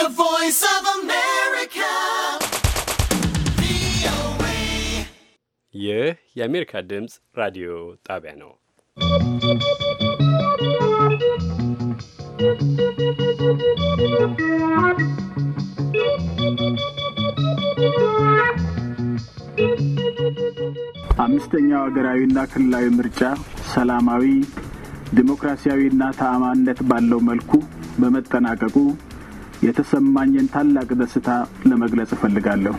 The Voice of America. ይህ የአሜሪካ ድምፅ ራዲዮ ጣቢያ ነው። አምስተኛው ሀገራዊና ክልላዊ ምርጫ ሰላማዊ ዲሞክራሲያዊና ተአማንነት ባለው መልኩ በመጠናቀቁ የተሰማኝን ታላቅ ደስታ ለመግለጽ እፈልጋለሁ።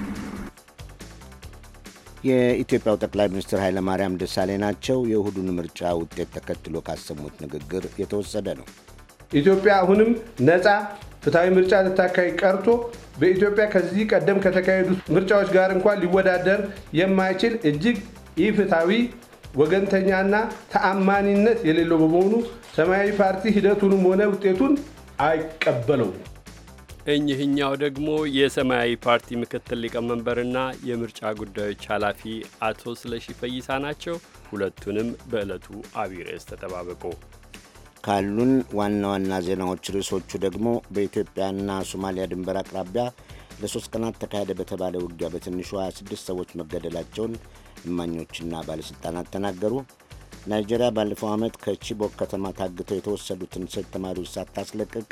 የኢትዮጵያው ጠቅላይ ሚኒስትር ኃይለማርያም ደሳሌ ናቸው። የእሁዱን ምርጫ ውጤት ተከትሎ ካሰሙት ንግግር የተወሰደ ነው። ኢትዮጵያ አሁንም ነፃ ፍትሐዊ ምርጫ ልታካሂድ ቀርቶ በኢትዮጵያ ከዚህ ቀደም ከተካሄዱ ምርጫዎች ጋር እንኳን ሊወዳደር የማይችል እጅግ ኢፍትሐዊ ወገንተኛና ተአማኒነት የሌለው በመሆኑ ሰማያዊ ፓርቲ ሂደቱንም ሆነ ውጤቱን አይቀበለውም። እኚህኛው ደግሞ የሰማያዊ ፓርቲ ምክትል ሊቀመንበርና የምርጫ ጉዳዮች ኃላፊ አቶ ስለሺ ፈይሳ ናቸው። ሁለቱንም በዕለቱ አብይ ርዕስ ተጠባበቁ። ካሉን ዋና ዋና ዜናዎች ርዕሶቹ ደግሞ በኢትዮጵያና ሶማሊያ ድንበር አቅራቢያ ለሶስት ቀናት ተካሄደ በተባለ ውጊያ በትንሹ 26 ሰዎች መገደላቸውን እማኞችና ባለሥልጣናት ተናገሩ። ናይጄሪያ ባለፈው ዓመት ከቺቦክ ከተማ ታግተው የተወሰዱትን ሴት ተማሪዎች ሳታስለቅቅ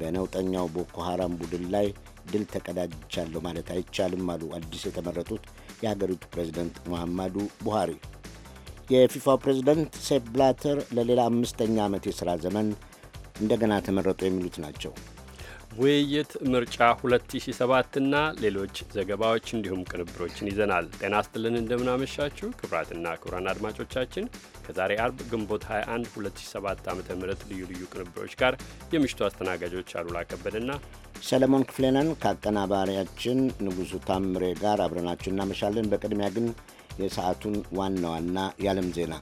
በነውጠኛው ቦኮ ሐራም ቡድን ላይ ድል ተቀዳጅቻለሁ ማለት አይቻልም አሉ አዲስ የተመረጡት የሀገሪቱ ፕሬዚደንት መሐማዱ ቡሃሪ። የፊፋ ፕሬዚደንት ሴፕ ብላተር ለሌላ አምስተኛ ዓመት የሥራ ዘመን እንደገና ተመረጡ የሚሉት ናቸው። ውይይት ምርጫ 2007ና ሌሎች ዘገባዎች እንዲሁም ቅንብሮችን ይዘናል። ጤና ይስጥልን እንደምናመሻችሁ ክብራትና ክቡራን አድማጮቻችን ከዛሬ አርብ ግንቦት 21 2007 ዓ ም ልዩ ልዩ ቅንብሮች ጋር የምሽቱ አስተናጋጆች አሉላ ከበደና ሰለሞን ክፍሌነን ከአቀናባሪያችን ንጉሱ ታምሬ ጋር አብረናችሁ እናመሻለን። በቅድሚያ ግን የሰዓቱን ዋና ዋና የዓለም ዜና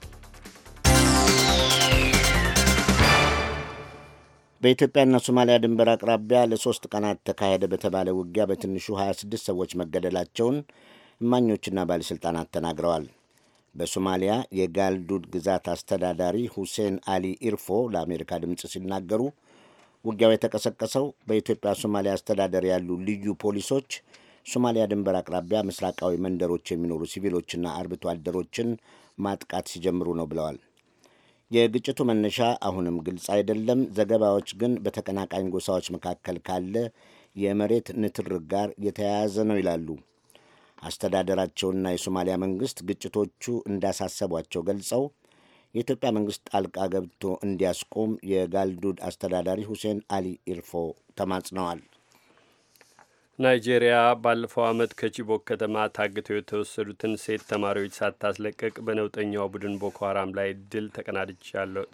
በኢትዮጵያና ሶማሊያ ድንበር አቅራቢያ ለሶስት ቀናት ተካሄደ በተባለ ውጊያ በትንሹ 26 ሰዎች መገደላቸውን እማኞችና ባለሥልጣናት ተናግረዋል። በሶማሊያ የጋልዱድ ግዛት አስተዳዳሪ ሁሴን አሊ ኢርፎ ለአሜሪካ ድምፅ ሲናገሩ ውጊያው የተቀሰቀሰው በኢትዮጵያ ሶማሊያ አስተዳደር ያሉ ልዩ ፖሊሶች ሶማሊያ ድንበር አቅራቢያ ምስራቃዊ መንደሮች የሚኖሩ ሲቪሎችና አርብቶ አደሮችን ማጥቃት ሲጀምሩ ነው ብለዋል። የግጭቱ መነሻ አሁንም ግልጽ አይደለም። ዘገባዎች ግን በተቀናቃኝ ጎሳዎች መካከል ካለ የመሬት ንትርክ ጋር የተያያዘ ነው ይላሉ። አስተዳደራቸውና የሶማሊያ መንግሥት ግጭቶቹ እንዳሳሰቧቸው ገልጸው የኢትዮጵያ መንግሥት ጣልቃ ገብቶ እንዲያስቆም የጋልዱድ አስተዳዳሪ ሁሴን አሊ ኢርፎ ተማጽነዋል። ናይጄሪያ ባለፈው ዓመት ከቺቦክ ከተማ ታግተው የተወሰዱትን ሴት ተማሪዎች ሳታስለቀቅ በነውጠኛው ቡድን ቦኮ ሀራም ላይ ድል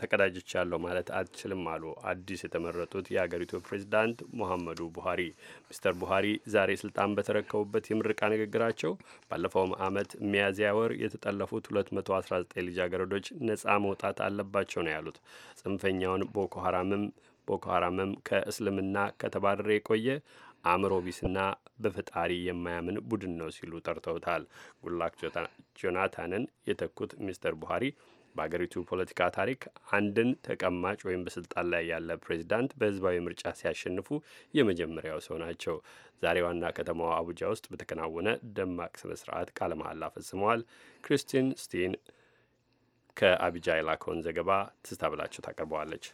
ተቀዳጅቻለሁ ማለት አትችልም አሉ አዲስ የተመረጡት የአገሪቱ ፕሬዚዳንት ሙሐመዱ ቡሃሪ። ሚስተር ቡሃሪ ዛሬ ስልጣን በተረከቡበት የምርቃ ንግግራቸው ባለፈው ዓመት ሚያዝያ ወር የተጠለፉት 219 ልጃገረዶች ነጻ መውጣት አለባቸው ነው ያሉት። ጽንፈኛውን ቦኮ ሀራምም ቦኮ ሀራምም ከእስልምና ከተባረረ የቆየ አእምሮ ቢስና በፈጣሪ የማያምን ቡድን ነው ሲሉ ጠርተውታል። ጉድላክ ጆናታንን የተኩት ሚስተር ቡሃሪ በአገሪቱ ፖለቲካ ታሪክ አንድን ተቀማጭ ወይም በስልጣን ላይ ያለ ፕሬዚዳንት በህዝባዊ ምርጫ ሲያሸንፉ የመጀመሪያው ሰው ናቸው። ዛሬ ዋና ከተማዋ አቡጃ ውስጥ በተከናወነ ደማቅ ስነ ስርዓት ቃለ መሐላ ፈጽመዋል። ክሪስቲን ስቲን ከአቢጃ የላከውን ዘገባ ትስታ ብላቸው ታቀርበዋለች።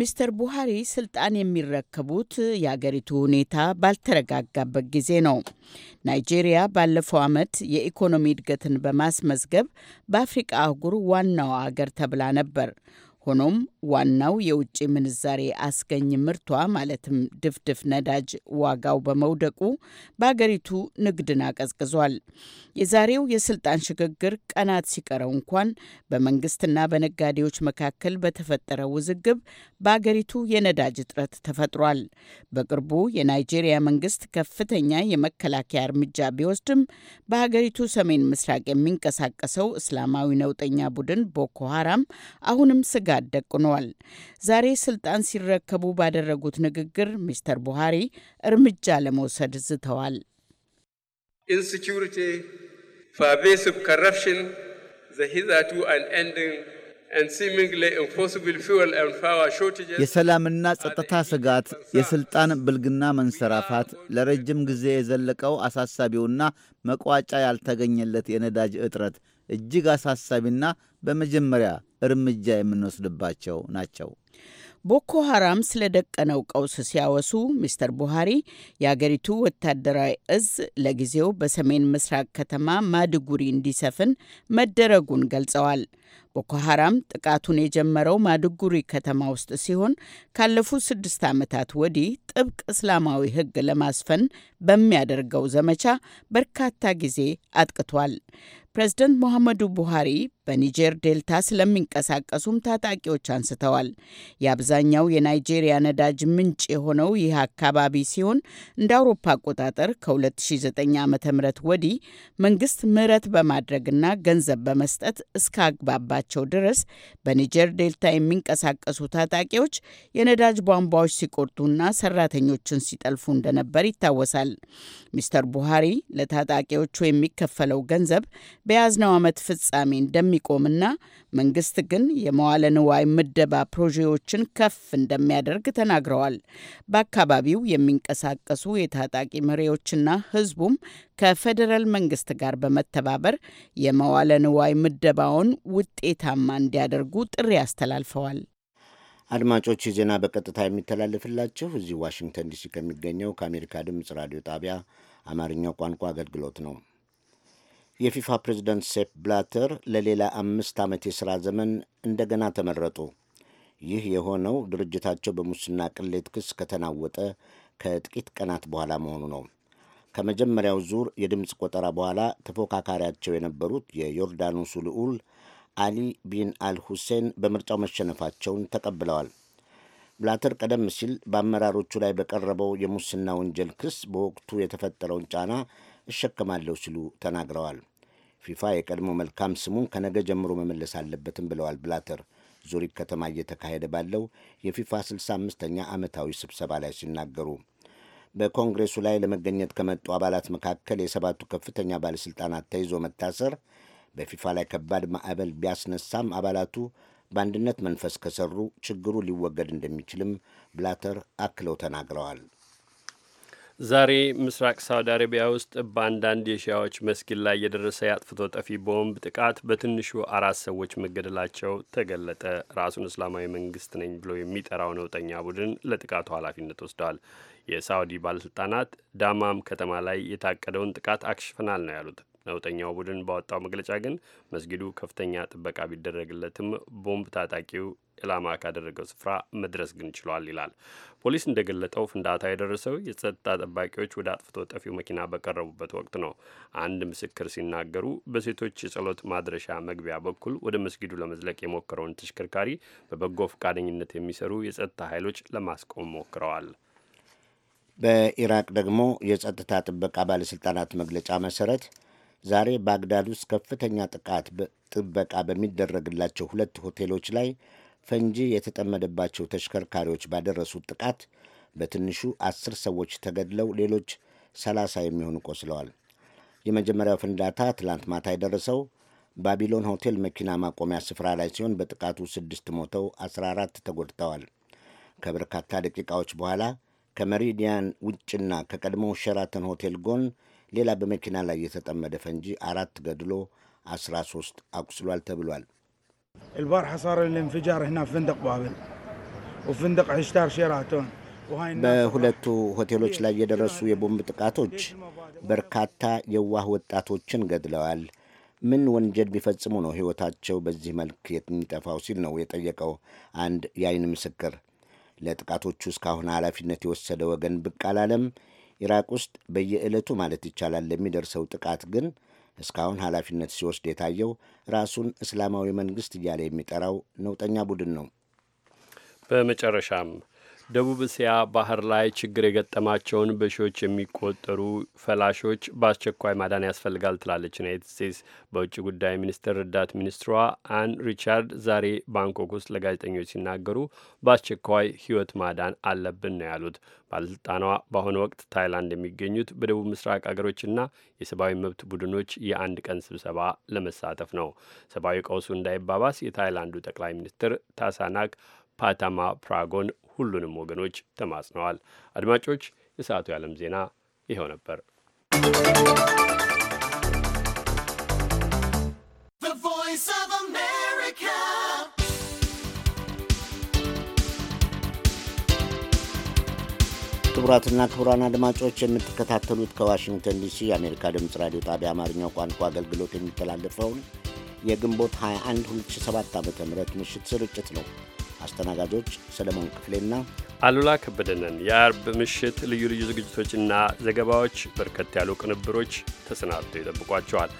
ሚስተር ቡሃሪ ስልጣን የሚረከቡት የአገሪቱ ሁኔታ ባልተረጋጋበት ጊዜ ነው። ናይጄሪያ ባለፈው ዓመት የኢኮኖሚ እድገትን በማስመዝገብ በአፍሪቃ አህጉር ዋናው አገር ተብላ ነበር። ሆኖም ዋናው የውጭ ምንዛሬ አስገኝ ምርቷ ማለትም ድፍድፍ ነዳጅ ዋጋው በመውደቁ በአገሪቱ ንግድን አቀዝቅዟል። የዛሬው የስልጣን ሽግግር ቀናት ሲቀረው እንኳን በመንግስትና በነጋዴዎች መካከል በተፈጠረው ውዝግብ በአገሪቱ የነዳጅ እጥረት ተፈጥሯል። በቅርቡ የናይጄሪያ መንግስት ከፍተኛ የመከላከያ እርምጃ ቢወስድም በሀገሪቱ ሰሜን ምስራቅ የሚንቀሳቀሰው እስላማዊ ነውጠኛ ቡድን ቦኮ ሀራም አሁንም ስጋ ስጋት ደቅኗል። ዛሬ ስልጣን ሲረከቡ ባደረጉት ንግግር ሚስተር ቡሃሪ እርምጃ ለመውሰድ ዝተዋል። ኢንሴኪሪቲ ፐርቬሲቭ ኮረፕሽን ዘ ሂዘርቱ አንኤንዲንግ የሰላምና ጸጥታ ስጋት፣ የሥልጣን ብልግና መንሰራፋት፣ ለረጅም ጊዜ የዘለቀው አሳሳቢውና መቋጫ ያልተገኘለት የነዳጅ እጥረት፣ እጅግ አሳሳቢና በመጀመሪያ እርምጃ የምንወስድባቸው ናቸው። ቦኮ ሐራም ስለ ደቀነው ቀውስ ሲያወሱ ሚስተር ቡሃሪ የአገሪቱ ወታደራዊ እዝ ለጊዜው በሰሜን ምስራቅ ከተማ ማድጉሪ እንዲሰፍን መደረጉን ገልጸዋል። ቦኮ ሐራም ጥቃቱን የጀመረው ማድጉሪ ከተማ ውስጥ ሲሆን ካለፉት ስድስት ዓመታት ወዲህ ጥብቅ እስላማዊ ሕግ ለማስፈን በሚያደርገው ዘመቻ በርካታ ጊዜ አጥቅቷል። ፕሬዝደንት ሞሐመዱ ቡሃሪ በኒጀር ዴልታ ስለሚንቀሳቀሱም ታጣቂዎች አንስተዋል። የአብዛኛው የናይጄሪያ ነዳጅ ምንጭ የሆነው ይህ አካባቢ ሲሆን እንደ አውሮፓ አቆጣጠር ከ2009 ዓ ም ወዲህ መንግስት ምህረት በማድረግና ገንዘብ በመስጠት እስካግባባቸው ድረስ በኒጀር ዴልታ የሚንቀሳቀሱ ታጣቂዎች የነዳጅ ቧንቧዎች ሲቆርጡና ሰራተኞችን ሲጠልፉ እንደነበር ይታወሳል። ሚስተር ቡሃሪ ለታጣቂዎቹ የሚከፈለው ገንዘብ በያዝነው ዓመት ፍጻሜ እንደሚቆምና መንግስት ግን የመዋለ ንዋይ ምደባ ፕሮጀክቶችን ከፍ እንደሚያደርግ ተናግረዋል። በአካባቢው የሚንቀሳቀሱ የታጣቂ መሪዎችና ህዝቡም ከፌዴራል መንግስት ጋር በመተባበር የመዋለ ንዋይ ምደባውን ውጤታማ እንዲያደርጉ ጥሪ አስተላልፈዋል። አድማጮች ዜና በቀጥታ የሚተላለፍላችሁ እዚህ ዋሽንግተን ዲሲ ከሚገኘው ከአሜሪካ ድምፅ ራዲዮ ጣቢያ አማርኛው ቋንቋ አገልግሎት ነው። የፊፋ ፕሬዝደንት ሴፕ ብላተር ለሌላ አምስት ዓመት የሥራ ዘመን እንደገና ተመረጡ። ይህ የሆነው ድርጅታቸው በሙስና ቅሌት ክስ ከተናወጠ ከጥቂት ቀናት በኋላ መሆኑ ነው። ከመጀመሪያው ዙር የድምፅ ቆጠራ በኋላ ተፎካካሪያቸው የነበሩት የዮርዳኖሱ ልዑል አሊ ቢን አል ሁሴን በምርጫው መሸነፋቸውን ተቀብለዋል። ብላተር ቀደም ሲል በአመራሮቹ ላይ በቀረበው የሙስና ወንጀል ክስ በወቅቱ የተፈጠረውን ጫና እሸከማለሁ ሲሉ ተናግረዋል። ፊፋ የቀድሞ መልካም ስሙን ከነገ ጀምሮ መመለስ አለበትም ብለዋል ብላተር ዙሪክ ከተማ እየተካሄደ ባለው የፊፋ 65ኛ ዓመታዊ ስብሰባ ላይ ሲናገሩ። በኮንግሬሱ ላይ ለመገኘት ከመጡ አባላት መካከል የሰባቱ ከፍተኛ ባለሥልጣናት ተይዞ መታሰር በፊፋ ላይ ከባድ ማዕበል ቢያስነሳም አባላቱ በአንድነት መንፈስ ከሰሩ ችግሩ ሊወገድ እንደሚችልም ብላተር አክለው ተናግረዋል። ዛሬ ምስራቅ ሳውዲ አረቢያ ውስጥ በአንዳንድ የሺያዎች መስጊድ ላይ የደረሰ የአጥፍቶ ጠፊ ቦምብ ጥቃት በትንሹ አራት ሰዎች መገደላቸው ተገለጠ። ራሱን እስላማዊ መንግስት ነኝ ብሎ የሚጠራው ነውጠኛ ቡድን ለጥቃቱ ኃላፊነት ወስደዋል። የሳውዲ ባለስልጣናት ዳማም ከተማ ላይ የታቀደውን ጥቃት አክሽፈናል ነው ያሉት። ነውጠኛው ቡድን ባወጣው መግለጫ ግን መስጊዱ ከፍተኛ ጥበቃ ቢደረግለትም ቦምብ ታጣቂው ኢላማ ካደረገው ስፍራ መድረስ ግን ችሏል ይላል። ፖሊስ እንደገለጠው ፍንዳታ የደረሰው የጸጥታ ጠባቂዎች ወደ አጥፍቶ ጠፊው መኪና በቀረቡበት ወቅት ነው። አንድ ምስክር ሲናገሩ በሴቶች የጸሎት ማድረሻ መግቢያ በኩል ወደ መስጊዱ ለመዝለቅ የሞከረውን ተሽከርካሪ በበጎ ፈቃደኝነት የሚሰሩ የጸጥታ ኃይሎች ለማስቆም ሞክረዋል። በኢራቅ ደግሞ የጸጥታ ጥበቃ ባለሥልጣናት መግለጫ መሠረት ዛሬ ባግዳድ ውስጥ ከፍተኛ ጥቃት ጥበቃ በሚደረግላቸው ሁለት ሆቴሎች ላይ ፈንጂ የተጠመደባቸው ተሽከርካሪዎች ባደረሱት ጥቃት በትንሹ አስር ሰዎች ተገድለው ሌሎች ሰላሳ የሚሆኑ ቆስለዋል። የመጀመሪያው ፍንዳታ ትላንት ማታ የደረሰው ባቢሎን ሆቴል መኪና ማቆሚያ ስፍራ ላይ ሲሆን በጥቃቱ ስድስት ሞተው 14 ተጎድተዋል። ከበርካታ ደቂቃዎች በኋላ ከመሪዲያን ውጭና ከቀድሞው ሸራተን ሆቴል ጎን ሌላ በመኪና ላይ የተጠመደ ፈንጂ አራት ገድሎ 13 አቁስሏል ተብሏል። البارحه صار الانفجار هنا في فندق بابل وفندق عشتار شيراتون በሁለቱ ሆቴሎች ላይ የደረሱ የቦምብ ጥቃቶች በርካታ የዋህ ወጣቶችን ገድለዋል። ምን ወንጀል ቢፈጽሙ ነው ሕይወታቸው በዚህ መልክ የሚጠፋው ሲል ነው የጠየቀው አንድ የአይን ምስክር። ለጥቃቶቹ እስካሁን ኃላፊነት የወሰደ ወገን ብቅ አላለም። ኢራቅ ውስጥ በየዕለቱ ማለት ይቻላል ለሚደርሰው ጥቃት ግን እስካሁን ኃላፊነት ሲወስድ የታየው ራሱን እስላማዊ መንግስት እያለ የሚጠራው ነውጠኛ ቡድን ነው። በመጨረሻም ደቡብ እስያ ባህር ላይ ችግር የገጠማቸውን በሺዎች የሚቆጠሩ ፈላሾች በአስቸኳይ ማዳን ያስፈልጋል ትላለች ዩናይትድ ስቴትስ። በውጭ ጉዳይ ሚኒስትር ረዳት ሚኒስትሯ አን ሪቻርድ ዛሬ ባንኮክ ውስጥ ለጋዜጠኞች ሲናገሩ በአስቸኳይ ሕይወት ማዳን አለብን ነው ያሉት። ባለስልጣኗ በአሁኑ ወቅት ታይላንድ የሚገኙት በደቡብ ምስራቅ አገሮችና የሰብአዊ መብት ቡድኖች የአንድ ቀን ስብሰባ ለመሳተፍ ነው። ሰብአዊ ቀውሱ እንዳይባባስ የታይላንዱ ጠቅላይ ሚኒስትር ታሳናክ ፓታማ ፕራጎን ሁሉንም ወገኖች ተማጽነዋል። አድማጮች፣ የሰዓቱ የዓለም ዜና ይኸው ነበር። ክቡራትና ክቡራን አድማጮች የምትከታተሉት ከዋሽንግተን ዲሲ የአሜሪካ ድምፅ ራዲዮ ጣቢያ አማርኛው ቋንቋ አገልግሎት የሚተላለፈውን የግንቦት 21 2007 ዓ ም ምሽት ስርጭት ነው። አስተናጋጆች ሰለሞን ክፍሌና አሉላ ከበደነን። የአርብ ምሽት ልዩ ልዩ ዝግጅቶችና ዘገባዎች፣ በርከት ያሉ ቅንብሮች ተሰናድተው ይጠብቋቸዋል።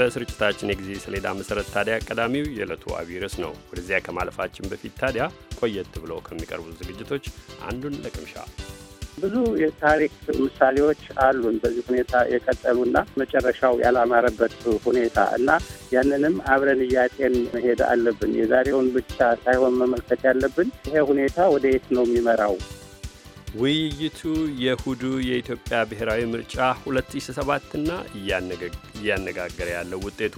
በስርጭታችን የጊዜ ሰሌዳ መሠረት ታዲያ ቀዳሚው የዕለቱ አብይ ነው። ወደዚያ ከማለፋችን በፊት ታዲያ ቆየት ብለው ከሚቀርቡ ዝግጅቶች አንዱን ለቅምሻ ብዙ የታሪክ ምሳሌዎች አሉን በዚህ ሁኔታ የቀጠሉና መጨረሻው ያላማረበት ሁኔታ እና ያንንም አብረን እያጤን መሄድ አለብን። የዛሬውን ብቻ ሳይሆን መመልከት ያለብን ይሄ ሁኔታ ወደ የት ነው የሚመራው። ውይይቱ የእሁዱ የኢትዮጵያ ብሔራዊ ምርጫ 2007ና እያነጋገረ ያለው ውጤቱ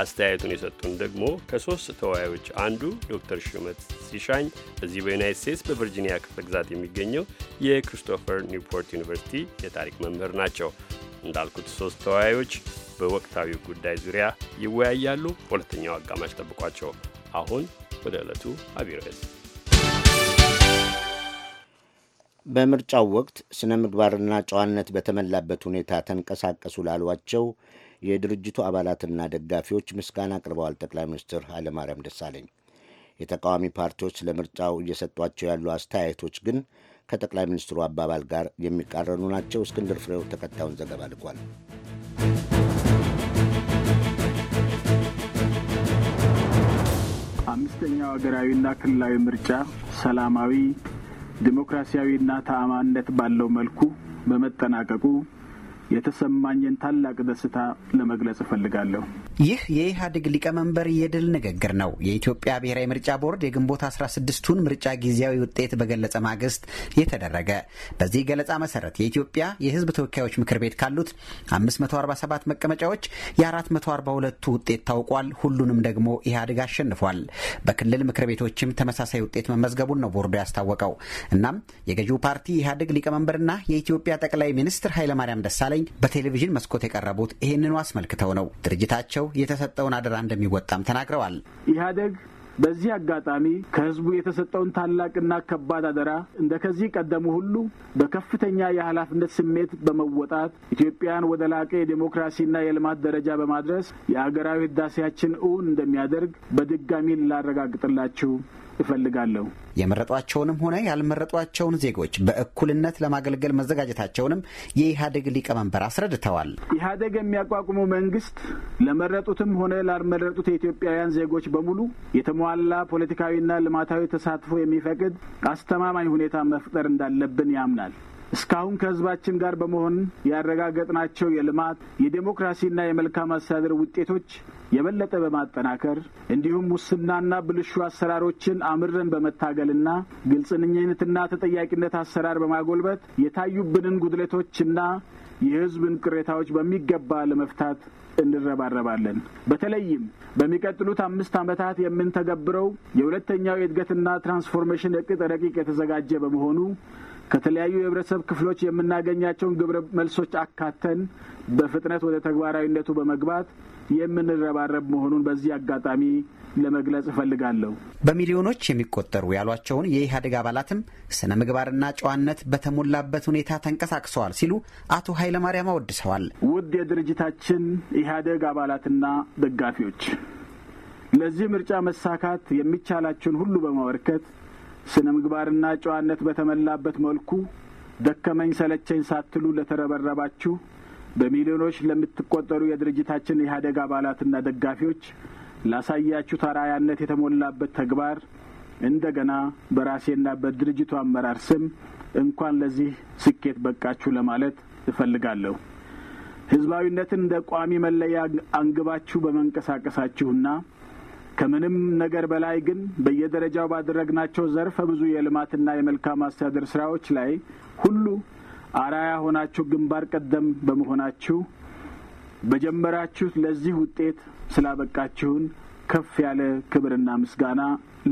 አስተያየቱን የሰጡን ደግሞ ከሶስት ተወያዮች አንዱ ዶክተር ሹመት ሲሻኝ በዚህ በዩናይት ስቴትስ በቨርጂኒያ ክፍለ ግዛት የሚገኘው የክሪስቶፈር ኒውፖርት ዩኒቨርሲቲ የታሪክ መምህር ናቸው። እንዳልኩት ሶስት ተወያዮች በወቅታዊ ጉዳይ ዙሪያ ይወያያሉ። በሁለተኛው አጋማሽ ጠብቋቸው። አሁን ወደ ዕለቱ አብይ ርዕስ። በምርጫው ወቅት ስነ ምግባርና ጨዋነት በተሞላበት ሁኔታ ተንቀሳቀሱ ላሏቸው የድርጅቱ አባላትና ደጋፊዎች ምስጋና አቅርበዋል። ጠቅላይ ሚኒስትር ኃይለማርያም ደሳለኝ የተቃዋሚ ፓርቲዎች ለምርጫው እየሰጧቸው ያሉ አስተያየቶች ግን ከጠቅላይ ሚኒስትሩ አባባል ጋር የሚቃረኑ ናቸው። እስክንድር ፍሬው ተከታዩን ዘገባ ልኳል። አምስተኛው ሀገራዊና ክልላዊ ምርጫ ሰላማዊ ዲሞክራሲያዊና ተአማንነት ባለው መልኩ በመጠናቀቁ የተሰማኝን ታላቅ ደስታ ለመግለጽ እፈልጋለሁ። ይህ የኢህአዴግ ሊቀመንበር የድል ንግግር ነው። የኢትዮጵያ ብሔራዊ ምርጫ ቦርድ የግንቦት 16ቱን ምርጫ ጊዜያዊ ውጤት በገለጸ ማግስት የተደረገ። በዚህ ገለጻ መሰረት የኢትዮጵያ የህዝብ ተወካዮች ምክር ቤት ካሉት 547 መቀመጫዎች የ442ቱ ውጤት ታውቋል። ሁሉንም ደግሞ ኢህአዴግ አሸንፏል። በክልል ምክር ቤቶችም ተመሳሳይ ውጤት መመዝገቡን ነው ቦርዱ ያስታወቀው። እናም የገዢው ፓርቲ ኢህአዴግ ሊቀመንበርና የኢትዮጵያ ጠቅላይ ሚኒስትር ኃይለማርያም ደሳለኝ በቴሌቪዥን መስኮት የቀረቡት ይህንኑ አስመልክተው ነው ድርጅታቸው የተሰጠውን አደራ እንደሚወጣም ተናግረዋል። ኢህአዴግ በዚህ አጋጣሚ ከህዝቡ የተሰጠውን ታላቅና ከባድ አደራ እንደ ከዚህ ቀደሙ ሁሉ በከፍተኛ የኃላፊነት ስሜት በመወጣት ኢትዮጵያን ወደ ላቀ የዴሞክራሲና የልማት ደረጃ በማድረስ የአገራዊ ህዳሴያችን እውን እንደሚያደርግ በድጋሚ ላረጋግጥላችሁ እፈልጋለሁ። የመረጧቸውንም ሆነ ያልመረጧቸውን ዜጎች በእኩልነት ለማገልገል መዘጋጀታቸውንም የኢህአዴግ ሊቀመንበር አስረድተዋል። ኢህአዴግ የሚያቋቁመው መንግስት ለመረጡትም ሆነ ላልመረጡት የኢትዮጵያውያን ዜጎች በሙሉ የተሟላ ፖለቲካዊና ልማታዊ ተሳትፎ የሚፈቅድ አስተማማኝ ሁኔታ መፍጠር እንዳለብን ያምናል። እስካሁን ከህዝባችን ጋር በመሆን ያረጋገጥናቸው የልማት የዴሞክራሲና የመልካም አስተዳደር ውጤቶች የበለጠ በማጠናከር እንዲሁም ሙስናና ብልሹ አሰራሮችን አምረን በመታገልና ግልጽነትና ተጠያቂነት አሰራር በማጎልበት የታዩብንን ጉድለቶችና የህዝብን ቅሬታዎች በሚገባ ለመፍታት እንረባረባለን። በተለይም በሚቀጥሉት አምስት ዓመታት የምንተገብረው የሁለተኛው የእድገትና ትራንስፎርሜሽን እቅድ ረቂቅ የተዘጋጀ በመሆኑ ከተለያዩ የህብረተሰብ ክፍሎች የምናገኛቸውን ግብረ መልሶች አካተን በፍጥነት ወደ ተግባራዊነቱ በመግባት የምንረባረብ መሆኑን በዚህ አጋጣሚ ለመግለጽ እፈልጋለሁ። በሚሊዮኖች የሚቆጠሩ ያሏቸውን የኢህአዴግ አባላትም ስነ ምግባርና ጨዋነት በተሞላበት ሁኔታ ተንቀሳቅሰዋል ሲሉ አቶ ኃይለማርያም አወድሰዋል። ውድ የድርጅታችን ኢህአዴግ አባላትና ደጋፊዎች ለዚህ ምርጫ መሳካት የሚቻላችሁን ሁሉ በማበርከት ስነ ምግባርና ጨዋነት በተሞላበት መልኩ ደከመኝ ሰለቸኝ ሳትሉ ለተረበረባችሁ በሚሊዮኖች ለምትቆጠሩ የድርጅታችን ኢህአዴግ አባላትና ደጋፊዎች ላሳያችሁ ታራያነት የተሞላበት ተግባር እንደገና በራሴና በድርጅቱ አመራር ስም እንኳን ለዚህ ስኬት በቃችሁ ለማለት እፈልጋለሁ። ህዝባዊነትን እንደ ቋሚ መለያ አንግባችሁ በመንቀሳቀሳችሁና ከምንም ነገር በላይ ግን በየደረጃው ባደረግናቸው ዘርፈ ብዙ የልማትና የመልካም አስተዳደር ስራዎች ላይ ሁሉ አራያ ሆናችሁ ግንባር ቀደም በመሆናችሁ በጀመራችሁ ለዚህ ውጤት ስላበቃችሁን ከፍ ያለ ክብርና ምስጋና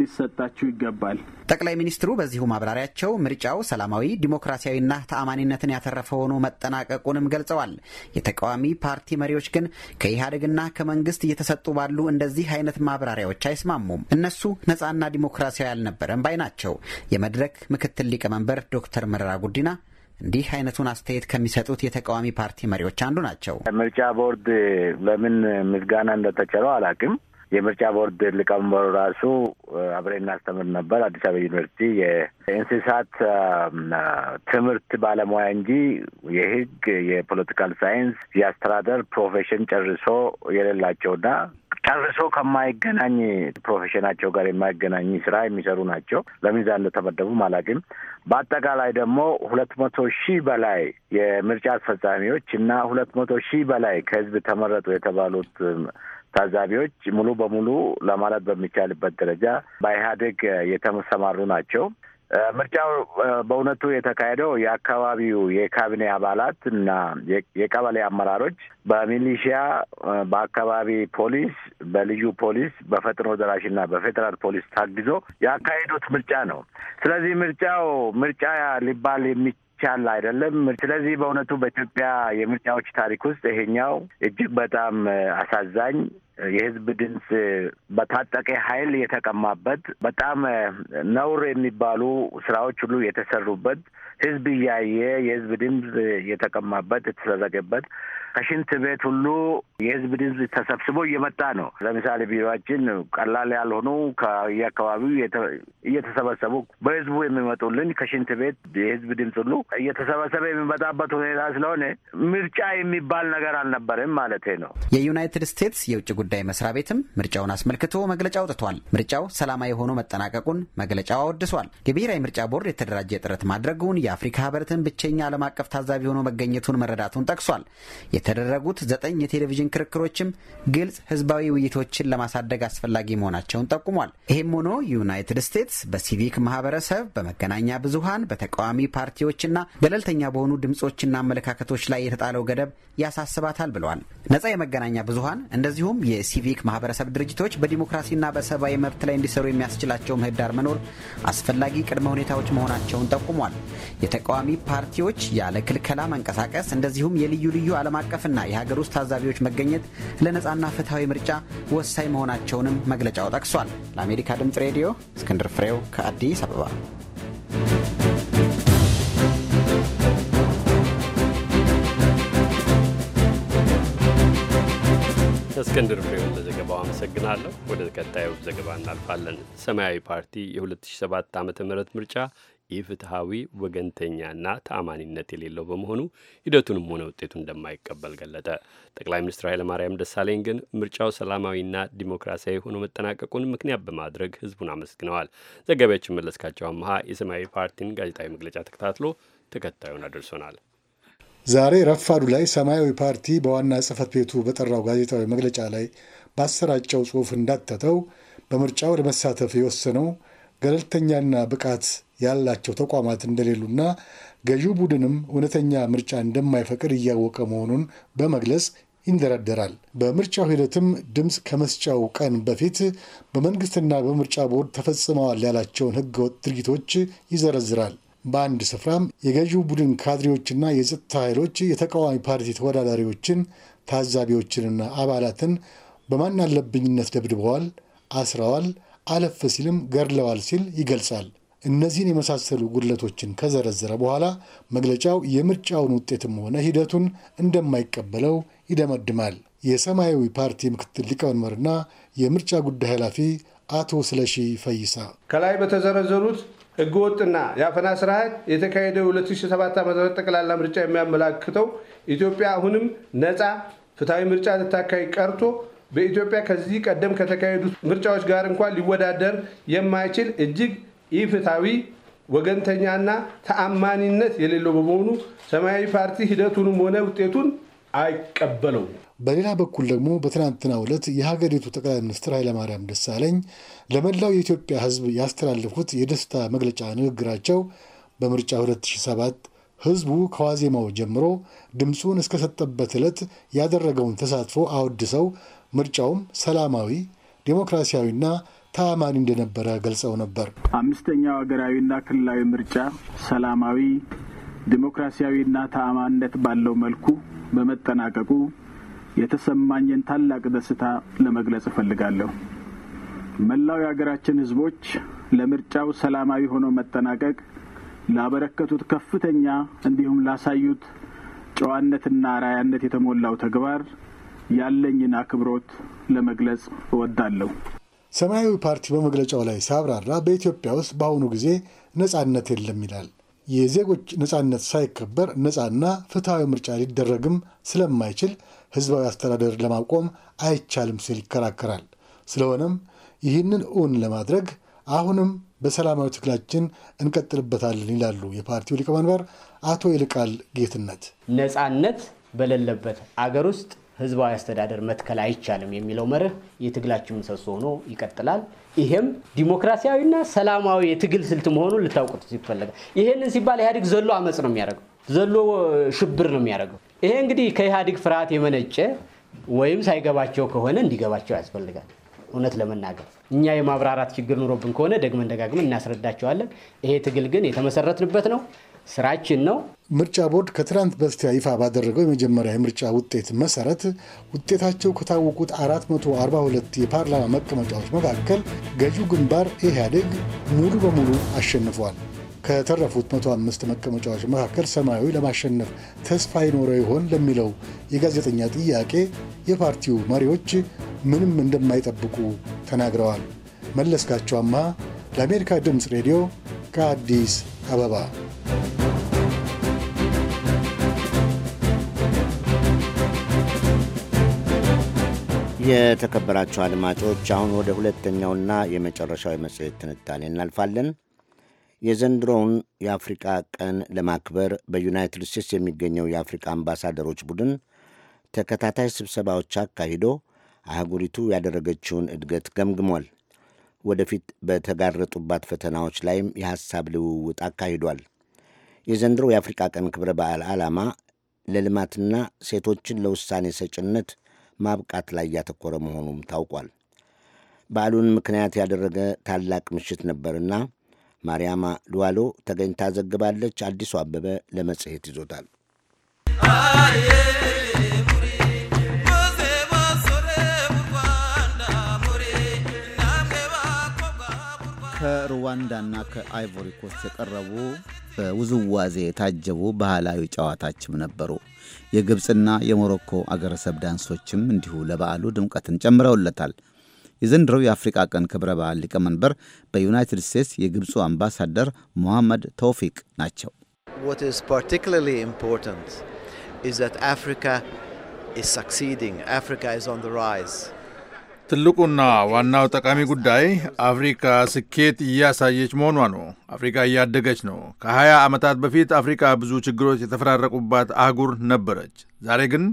ሊሰጣቸው ይገባል። ጠቅላይ ሚኒስትሩ በዚሁ ማብራሪያቸው ምርጫው ሰላማዊ ዲሞክራሲያዊና ተአማኒነትን ያተረፈ ሆኖ መጠናቀቁንም ገልጸዋል። የተቃዋሚ ፓርቲ መሪዎች ግን ከኢህአዴግና ከመንግስት እየተሰጡ ባሉ እንደዚህ አይነት ማብራሪያዎች አይስማሙም። እነሱ ነጻና ዲሞክራሲያዊ አልነበረም ባይ ናቸው። የመድረክ ምክትል ሊቀመንበር ዶክተር መረራ ጉዲና እንዲህ አይነቱን አስተያየት ከሚሰጡት የተቃዋሚ ፓርቲ መሪዎች አንዱ ናቸው። ምርጫ ቦርድ ለምን ምዝጋና እንደተቸለው አላውቅም። የምርጫ ቦርድ ሊቀመንበሩ ራሱ አብሬ እናስተምር ነበር አዲስ አበባ ዩኒቨርሲቲ የእንስሳት ትምህርት ባለሙያ እንጂ የህግ፣ የፖለቲካል ሳይንስ፣ የአስተዳደር ፕሮፌሽን ጨርሶ የሌላቸውና ጨርሶ ከማይገናኝ ፕሮፌሽናቸው ጋር የማይገናኝ ስራ የሚሰሩ ናቸው። ለሚዛ እንደተመደቡ አላውቅም። በአጠቃላይ ደግሞ ሁለት መቶ ሺህ በላይ የምርጫ አስፈጻሚዎች እና ሁለት መቶ ሺህ በላይ ከህዝብ ተመረጡ የተባሉት ታዛቢዎች ሙሉ በሙሉ ለማለት በሚቻልበት ደረጃ በኢህአዴግ የተሰማሩ ናቸው። ምርጫው በእውነቱ የተካሄደው የአካባቢው የካቢኔ አባላት እና የቀበሌ አመራሮች በሚሊሺያ፣ በአካባቢ ፖሊስ፣ በልዩ ፖሊስ፣ በፈጥኖ ደራሽ እና በፌዴራል ፖሊስ ታግዞ ያካሄዱት ምርጫ ነው። ስለዚህ ምርጫው ምርጫ ሊባል የሚ ያለ አይደለም። ስለዚህ በእውነቱ በኢትዮጵያ የምርጫዎች ታሪክ ውስጥ ይሄኛው እጅግ በጣም አሳዛኝ የህዝብ ድምፅ በታጠቀ ኃይል የተቀማበት በጣም ነውር የሚባሉ ስራዎች ሁሉ የተሰሩበት ህዝብ እያየ የህዝብ ድምፅ የተቀማበት የተሰረገበት ከሽንት ቤት ሁሉ የህዝብ ድምፅ ተሰብስቦ እየመጣ ነው። ለምሳሌ ቢሮችን ቀላል ያልሆኑ ከየአካባቢው እየተሰበሰቡ በህዝቡ የሚመጡልን ከሽንት ቤት የህዝብ ድምፅ ሁሉ እየተሰበሰበ የሚመጣበት ሁኔታ ስለሆነ ምርጫ የሚባል ነገር አልነበረም ማለት ነው። የዩናይትድ ስቴትስ የውጭ ጉዳይ መስሪያ ቤትም ምርጫውን አስመልክቶ መግለጫ አውጥቷል። ምርጫው ሰላማዊ ሆኖ መጠናቀቁን መግለጫው አወድሷል። የብሔራዊ ምርጫ ቦርድ የተደራጀ ጥረት ማድረጉን፣ የአፍሪካ ህብረትን ብቸኛ ዓለም አቀፍ ታዛቢ ሆኖ መገኘቱን መረዳቱን ጠቅሷል። የተደረጉት ዘጠኝ የቴሌቪዥን ክርክሮችም ግልጽ ህዝባዊ ውይይቶችን ለማሳደግ አስፈላጊ መሆናቸውን ጠቁሟል። ይህም ሆኖ ዩናይትድ ስቴትስ በሲቪክ ማህበረሰብ፣ በመገናኛ ብዙሃን፣ በተቃዋሚ ፓርቲዎችና ገለልተኛ በሆኑ ድምፆችና አመለካከቶች ላይ የተጣለው ገደብ ያሳስባታል ብለዋል። ነጻ የመገናኛ ብዙሃን እንደዚሁም የሲቪክ ማህበረሰብ ድርጅቶች በዲሞክራሲና በሰብአዊ መብት ላይ እንዲሰሩ የሚያስችላቸው ምህዳር መኖር አስፈላጊ ቅድመ ሁኔታዎች መሆናቸውን ጠቁሟል። የተቃዋሚ ፓርቲዎች ያለ ክልከላ መንቀሳቀስ እንደዚሁም የልዩ ልዩ ዓለም አቀፍ አቀፍና የሀገር ውስጥ ታዛቢዎች መገኘት ለነፃና ፍትሐዊ ምርጫ ወሳኝ መሆናቸውንም መግለጫው ጠቅሷል። ለአሜሪካ ድምፅ ሬዲዮ እስክንድር ፍሬው ከአዲስ አበባ። እስክንድር ፍሬው ለዘገባው አመሰግናለሁ። ወደ ቀጣዩ ዘገባ እናልፋለን። ሰማያዊ ፓርቲ የ2007 ዓ ም ምርጫ ኢፍትሐዊ፣ ወገንተኛና ተአማኒነት የሌለው በመሆኑ ሂደቱንም ሆነ ውጤቱ እንደማይቀበል ገለጠ። ጠቅላይ ሚኒስትር ኃይለማርያም ደሳለኝ ግን ምርጫው ሰላማዊና ዲሞክራሲያዊ ሆኖ መጠናቀቁን ምክንያት በማድረግ ህዝቡን አመስግነዋል። ዘጋቢያችን መለስካቸው አመሀ የሰማያዊ ፓርቲን ጋዜጣዊ መግለጫ ተከታትሎ ተከታዩን አድርሶናል። ዛሬ ረፋዱ ላይ ሰማያዊ ፓርቲ በዋና ጽህፈት ቤቱ በጠራው ጋዜጣዊ መግለጫ ላይ ባሰራጨው ጽሑፍ እንዳተተው በምርጫው ለመሳተፍ የወሰነው ገለልተኛና ብቃት ያላቸው ተቋማት እንደሌሉና ገዢው ቡድንም እውነተኛ ምርጫ እንደማይፈቅድ እያወቀ መሆኑን በመግለጽ ይንደረደራል። በምርጫው ሂደትም ድምፅ ከመስጫው ቀን በፊት በመንግስትና በምርጫ ቦርድ ተፈጽመዋል ያላቸውን ህገወጥ ድርጊቶች ይዘረዝራል። በአንድ ስፍራም የገዢው ቡድን ካድሬዎችና የጸጥታ ኃይሎች የተቃዋሚ ፓርቲ ተወዳዳሪዎችን፣ ታዛቢዎችንና አባላትን በማናለብኝነት ደብድበዋል፣ አስረዋል፣ አለፍ ሲልም ገድለዋል ሲል ይገልጻል። እነዚህን የመሳሰሉ ጉድለቶችን ከዘረዘረ በኋላ መግለጫው የምርጫውን ውጤትም ሆነ ሂደቱን እንደማይቀበለው ይደመድማል። የሰማያዊ ፓርቲ ምክትል ሊቀመንበርና የምርጫ ጉዳይ ኃላፊ አቶ ስለሺ ፈይሳ ከላይ በተዘረዘሩት ህገወጥና የአፈና ስርዓት የተካሄደ 2007 ዓ.ም ጠቅላላ ምርጫ የሚያመላክተው ኢትዮጵያ አሁንም ነፃ ፍትሐዊ ምርጫ ልታካሂድ ቀርቶ በኢትዮጵያ ከዚህ ቀደም ከተካሄዱት ምርጫዎች ጋር እንኳን ሊወዳደር የማይችል እጅግ ይህ ፍትሐዊ ወገንተኛና ተአማኒነት የሌለው በመሆኑ ሰማያዊ ፓርቲ ሂደቱንም ሆነ ውጤቱን አይቀበለው በሌላ በኩል ደግሞ በትናንትና ዕለት የሀገሪቱ ጠቅላይ ሚኒስትር ኃይለማርያም ደሳለኝ ለመላው የኢትዮጵያ ሕዝብ ያስተላለፉት የደስታ መግለጫ ንግግራቸው በምርጫ 2007 ሕዝቡ ከዋዜማው ጀምሮ ድምፁን እስከሰጠበት ዕለት ያደረገውን ተሳትፎ አወድሰው ምርጫውም ሰላማዊ ዴሞክራሲያዊና ተአማኒ እንደነበረ ገልጸው ነበር። አምስተኛው ሀገራዊና ክልላዊ ምርጫ ሰላማዊ ዲሞክራሲያዊና ተአማንነት ባለው መልኩ በመጠናቀቁ የተሰማኝን ታላቅ ደስታ ለመግለጽ እፈልጋለሁ። መላው የሀገራችን ህዝቦች ለምርጫው ሰላማዊ ሆኖ መጠናቀቅ ላበረከቱት ከፍተኛ እንዲሁም ላሳዩት ጨዋነትና አራያነት የተሞላው ተግባር ያለኝን አክብሮት ለመግለጽ እወዳለሁ። ሰማያዊ ፓርቲ በመግለጫው ላይ ሲያብራራ በኢትዮጵያ ውስጥ በአሁኑ ጊዜ ነጻነት የለም ይላል። የዜጎች ነጻነት ሳይከበር ነጻና ፍትሐዊ ምርጫ ሊደረግም ስለማይችል ህዝባዊ አስተዳደር ለማቆም አይቻልም ሲል ይከራከራል። ስለሆነም ይህንን እውን ለማድረግ አሁንም በሰላማዊ ትግላችን እንቀጥልበታለን ይላሉ የፓርቲው ሊቀመንበር አቶ ይልቃል ጌትነት። ነጻነት በሌለበት አገር ውስጥ ህዝባዊ አስተዳደር መትከል አይቻልም የሚለው መርህ የትግላችን ምሰሶ ሆኖ ይቀጥላል። ይሄም ዲሞክራሲያዊና ሰላማዊ የትግል ስልት መሆኑን ልታውቁት ይፈለጋል። ይሄንን ሲባል ኢህአዴግ ዘሎ አመፅ ነው የሚያደርገው፣ ዘሎ ሽብር ነው የሚያደርገው። ይሄ እንግዲህ ከኢህአዴግ ፍርሃት የመነጨ ወይም ሳይገባቸው ከሆነ እንዲገባቸው ያስፈልጋል። እውነት ለመናገር እኛ የማብራራት ችግር ኑሮብን ከሆነ ደግመን ደጋግመን እናስረዳቸዋለን። ይሄ ትግል ግን የተመሰረትንበት ነው። ስራችን ነው። ምርጫ ቦርድ ከትናንት በስቲያ ይፋ ባደረገው የመጀመሪያ የምርጫ ውጤት መሰረት ውጤታቸው ከታወቁት 442 የፓርላማ መቀመጫዎች መካከል ገዢው ግንባር ኢህአዴግ ሙሉ በሙሉ አሸንፏል። ከተረፉት 105 መቀመጫዎች መካከል ሰማያዊ ለማሸነፍ ተስፋ ይኖረው ይሆን ለሚለው የጋዜጠኛ ጥያቄ የፓርቲው መሪዎች ምንም እንደማይጠብቁ ተናግረዋል። መለስካቸው ለአሜሪካ ድምፅ ሬዲዮ ከአዲስ አበባ የተከበራቸው አድማጮች አሁን ወደ ሁለተኛውና የመጨረሻው የመጽሔት ትንታኔ እናልፋለን። የዘንድሮውን የአፍሪቃ ቀን ለማክበር በዩናይትድ ስቴትስ የሚገኘው የአፍሪቃ አምባሳደሮች ቡድን ተከታታይ ስብሰባዎች አካሂዶ አህጉሪቱ ያደረገችውን እድገት ገምግሟል። ወደፊት በተጋረጡባት ፈተናዎች ላይም የሐሳብ ልውውጥ አካሂዷል። የዘንድሮ የአፍሪቃ ቀን ክብረ በዓል ዓላማ ለልማትና ሴቶችን ለውሳኔ ሰጭነት ማብቃት ላይ ያተኮረ መሆኑም ታውቋል። በዓሉን ምክንያት ያደረገ ታላቅ ምሽት ነበርና ማርያማ ሉዋሎ ተገኝታ ዘግባለች። አዲሱ አበበ ለመጽሔት ይዞታል። ከሩዋንዳና ከአይቮሪ የቀረቡ በውዝዋዜ የታጀቡ ባህላዊ ጨዋታችም ነበሩ። የግብፅና የሞሮኮ አገረሰብ ዳንሶችም እንዲሁ ለበዓሉ ድምቀትን ጨምረውለታል። የዘንድሮው የአፍሪቃ ቀን ክብረ በዓል ሊቀመንበር በዩናይትድ ስቴትስ የግብፁ አምባሳደር ሞሐመድ ተውፊቅ ናቸው። አፍሪካ ትልቁና ዋናው ጠቃሚ ጉዳይ አፍሪካ ስኬት እያሳየች መሆኗ ነው። አፍሪካ እያደገች ነው። ከ20 ዓመታት በፊት አፍሪካ ብዙ ችግሮች የተፈራረቁባት አህጉር ነበረች። ዛሬ ግን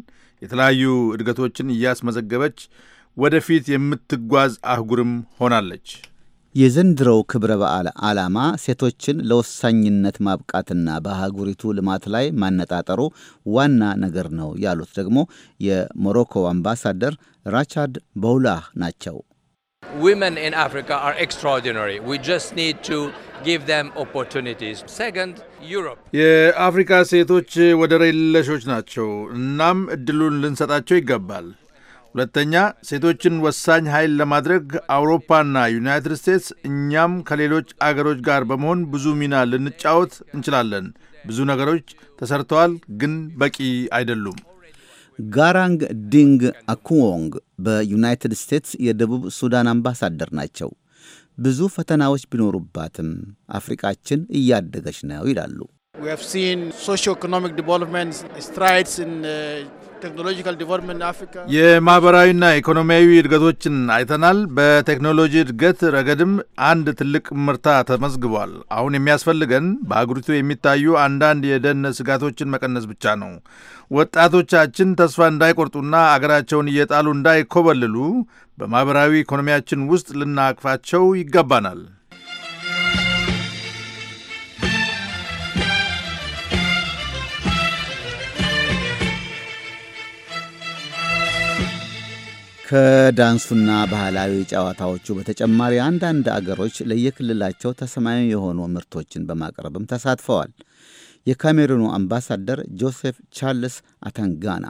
የተለያዩ እድገቶችን እያስመዘገበች ወደፊት የምትጓዝ አህጉርም ሆናለች። የዘንድሮው ክብረ በዓል ዓላማ ሴቶችን ለወሳኝነት ማብቃትና በአህጉሪቱ ልማት ላይ ማነጣጠሩ ዋና ነገር ነው ያሉት ደግሞ የሞሮኮ አምባሳደር ራቻድ በውላህ ናቸው። ዊመን ኢን አፍሪካ አር ኤክስትራኦርዲናሪ ዊ ጀስት ኒድ ቱ ጊቭ ዘም ኦፖርቹኒቲስ። ሰከንድ ዩሮፕ የአፍሪካ ሴቶች ወደር የለሾች ናቸው። እናም እድሉን ልንሰጣቸው ይገባል። ሁለተኛ ሴቶችን ወሳኝ ኃይል ለማድረግ አውሮፓና ዩናይትድ ስቴትስ እኛም ከሌሎች አገሮች ጋር በመሆን ብዙ ሚና ልንጫወት እንችላለን። ብዙ ነገሮች ተሰርተዋል፣ ግን በቂ አይደሉም። ጋራንግ ዲንግ አኩዎንግ በዩናይትድ ስቴትስ የደቡብ ሱዳን አምባሳደር ናቸው። ብዙ ፈተናዎች ቢኖሩባትም አፍሪቃችን እያደገች ነው ይላሉ። የማህበራዊና ኢኮኖሚያዊ እድገቶችን አይተናል። በቴክኖሎጂ እድገት ረገድም አንድ ትልቅ ምርታ ተመዝግቧል። አሁን የሚያስፈልገን በአገሪቱ የሚታዩ አንዳንድ የደን ስጋቶችን መቀነስ ብቻ ነው። ወጣቶቻችን ተስፋ እንዳይቆርጡና አገራቸውን እየጣሉ እንዳይኮበልሉ በማህበራዊ ኢኮኖሚያችን ውስጥ ልናቅፋቸው ይገባናል። ከዳንሱና ባህላዊ ጨዋታዎቹ በተጨማሪ አንዳንድ አገሮች ለየክልላቸው ተሰማያዊ የሆኑ ምርቶችን በማቅረብም ተሳትፈዋል። የካሜሩኑ አምባሳደር ጆሴፍ ቻርልስ አታንጋና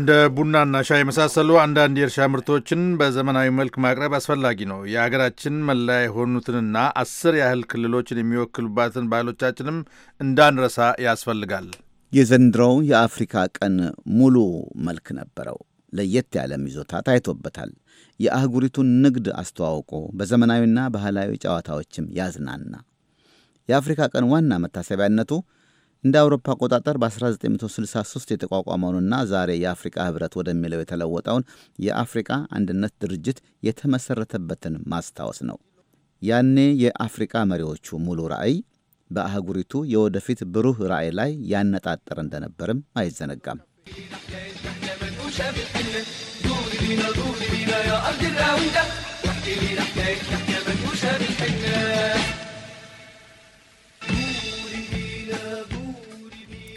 እንደ ቡናና ሻይ የመሳሰሉ አንዳንድ የእርሻ ምርቶችን በዘመናዊ መልክ ማቅረብ አስፈላጊ ነው። የሀገራችን መለያ የሆኑትንና አስር ያህል ክልሎችን የሚወክሉባትን ባህሎቻችንም እንዳንረሳ ያስፈልጋል። የዘንድሮው የአፍሪካ ቀን ሙሉ መልክ ነበረው። ለየት ያለም ይዞታ ታይቶበታል። የአህጉሪቱን ንግድ አስተዋውቆ በዘመናዊና ባህላዊ ጨዋታዎችም ያዝናና። የአፍሪካ ቀን ዋና መታሰቢያነቱ እንደ አውሮፓ አቆጣጠር በ1963 የተቋቋመውንና ዛሬ የአፍሪካ ህብረት ወደሚለው የተለወጠውን የአፍሪካ አንድነት ድርጅት የተመሠረተበትን ማስታወስ ነው። ያኔ የአፍሪካ መሪዎቹ ሙሉ ራዕይ በአህጉሪቱ የወደፊት ብሩህ ራዕይ ላይ ያነጣጠረ እንደነበርም አይዘነጋም።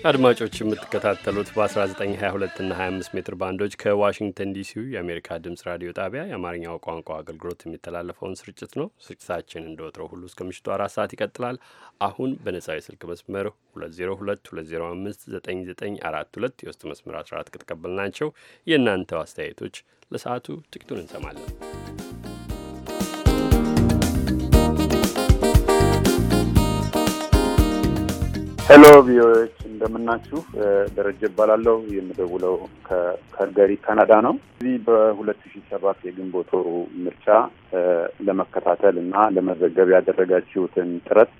አድማጮች የምትከታተሉት በ1922 እና 25 ሜትር ባንዶች ከዋሽንግተን ዲሲው የአሜሪካ ድምፅ ራዲዮ ጣቢያ የአማርኛው ቋንቋ አገልግሎት የሚተላለፈውን ስርጭት ነው። ስርጭታችን እንደ ወትሮ ሁሉ እስከ ምሽቱ አራት ሰዓት ይቀጥላል። አሁን በነጻው የስልክ መስመር 2022059942 የውስጥ መስመር 14 ናቸው። የእናንተው አስተያየቶች ለሰዓቱ ጥቂቱን እንሰማለን። ሄሎ ቪዎች እንደምናችሁ ደረጀ እባላለሁ። የምደውለው ከካልጋሪ ካናዳ ነው። እዚህ በሁለት ሺ ሰባት የግንቦት ወሩ ምርጫ ለመከታተል እና ለመዘገብ ያደረጋችሁትን ጥረት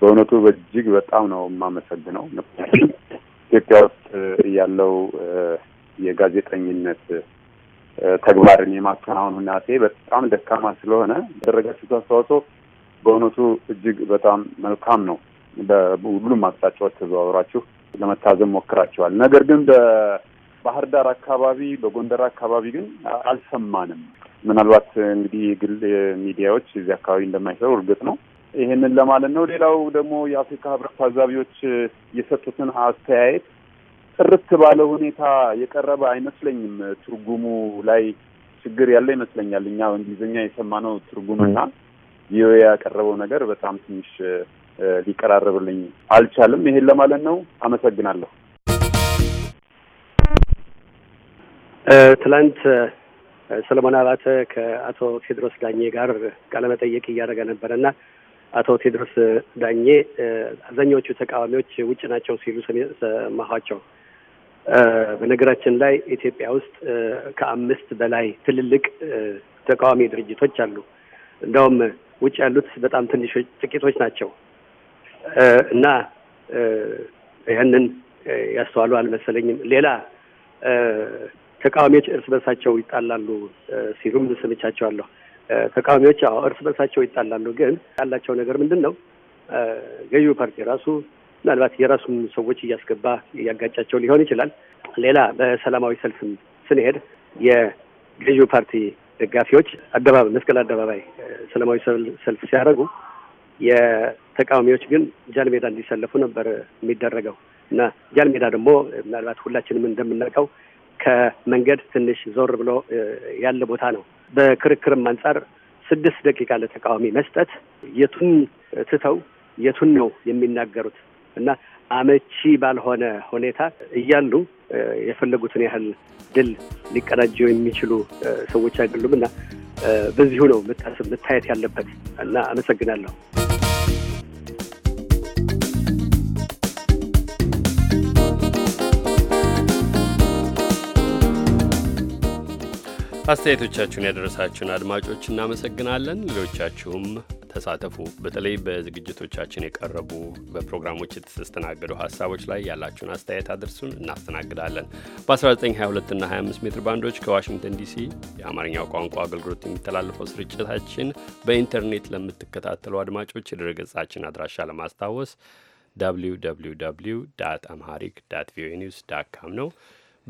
በእውነቱ በእጅግ በጣም ነው የማመሰግነው። ምክንያቱም ኢትዮጵያ ውስጥ ያለው የጋዜጠኝነት ተግባርን የማከናወን ሁናቴ በጣም ደካማ ስለሆነ ያደረጋችሁት አስተዋጽኦ በእውነቱ እጅግ በጣም መልካም ነው። በሁሉም አቅጣጫዎች ተዘዋውራችሁ ለመታዘብ ሞክራችኋል። ነገር ግን በባህር ዳር አካባቢ፣ በጎንደር አካባቢ ግን አልሰማንም። ምናልባት እንግዲህ የግል ሚዲያዎች እዚህ አካባቢ እንደማይሰሩ እርግጥ ነው። ይህንን ለማለት ነው። ሌላው ደግሞ የአፍሪካ ህብረት ታዛቢዎች የሰጡትን አስተያየት ጥርት ባለ ሁኔታ የቀረበ አይመስለኝም። ትርጉሙ ላይ ችግር ያለ ይመስለኛል። እኛ እንግሊዝኛ የሰማነው ትርጉምና ቪኦኤ ያቀረበው ነገር በጣም ትንሽ ሊቀራረብልኝ አልቻልም። ይሄን ለማለት ነው። አመሰግናለሁ። ትላንት ሰለሞን አባተ ከአቶ ቴድሮስ ዳኜ ጋር መጠየቅ እያደረገ ነበረ እና አቶ ቴድሮስ ዳኜ አብዛኛዎቹ ተቃዋሚዎች ውጭ ናቸው ሲሉ ሰማኋቸው። በነገራችን ላይ ኢትዮጵያ ውስጥ ከአምስት በላይ ትልልቅ ተቃዋሚ ድርጅቶች አሉ። እንደውም ውጭ ያሉት በጣም ትንሾች ጥቂቶች ናቸው። እና ይህንን ያስተዋሉ አልመሰለኝም። ሌላ ተቃዋሚዎች እርስ በርሳቸው ይጣላሉ ሲሉም ሰምቻቸዋለሁ። ተቃዋሚዎች አዎ እርስ በርሳቸው ይጣላሉ፣ ግን ያላቸው ነገር ምንድን ነው? ገዢው ፓርቲ ራሱ ምናልባት የራሱን ሰዎች እያስገባ እያጋጫቸው ሊሆን ይችላል። ሌላ በሰላማዊ ሰልፍም ስንሄድ የገዢው ፓርቲ ደጋፊዎች አደባባይ መስቀል አደባባይ ሰላማዊ ሰልፍ ሲያደርጉ የተቃዋሚዎች ግን ሜዳ እንዲሰለፉ ነበር የሚደረገው እና ሜዳ ደግሞ ምናልባት ሁላችንም እንደምናውቀው ከመንገድ ትንሽ ዞር ብሎ ያለ ቦታ ነው። በክርክርም አንጻር ስድስት ደቂቃ ለተቃዋሚ መስጠት የቱን ትተው የቱን ነው የሚናገሩት እና አመቺ ባልሆነ ሁኔታ እያሉ የፈለጉትን ያህል ድል ሊቀዳጁ የሚችሉ ሰዎች አይደሉም እና በዚሁ ነው መታየት ያለበት እና አመሰግናለሁ። አስተያየቶቻችሁን ያደረሳችሁን አድማጮች እናመሰግናለን። ሌሎቻችሁም ተሳተፉ። በተለይ በዝግጅቶቻችን የቀረቡ በፕሮግራሞች የተስተናገዱ ሀሳቦች ላይ ያላችሁን አስተያየት አድርሱን፣ እናስተናግዳለን። በ1922 እና 25 ሜትር ባንዶች ከዋሽንግተን ዲሲ የአማርኛው ቋንቋ አገልግሎት የሚተላለፈው ስርጭታችን በኢንተርኔት ለምትከታተሉ አድማጮች የድረገጻችን አድራሻ ለማስታወስ www ዳት አምሃሪክ ዳት ቪኦኤ ኒውስ ዳት ካም ነው።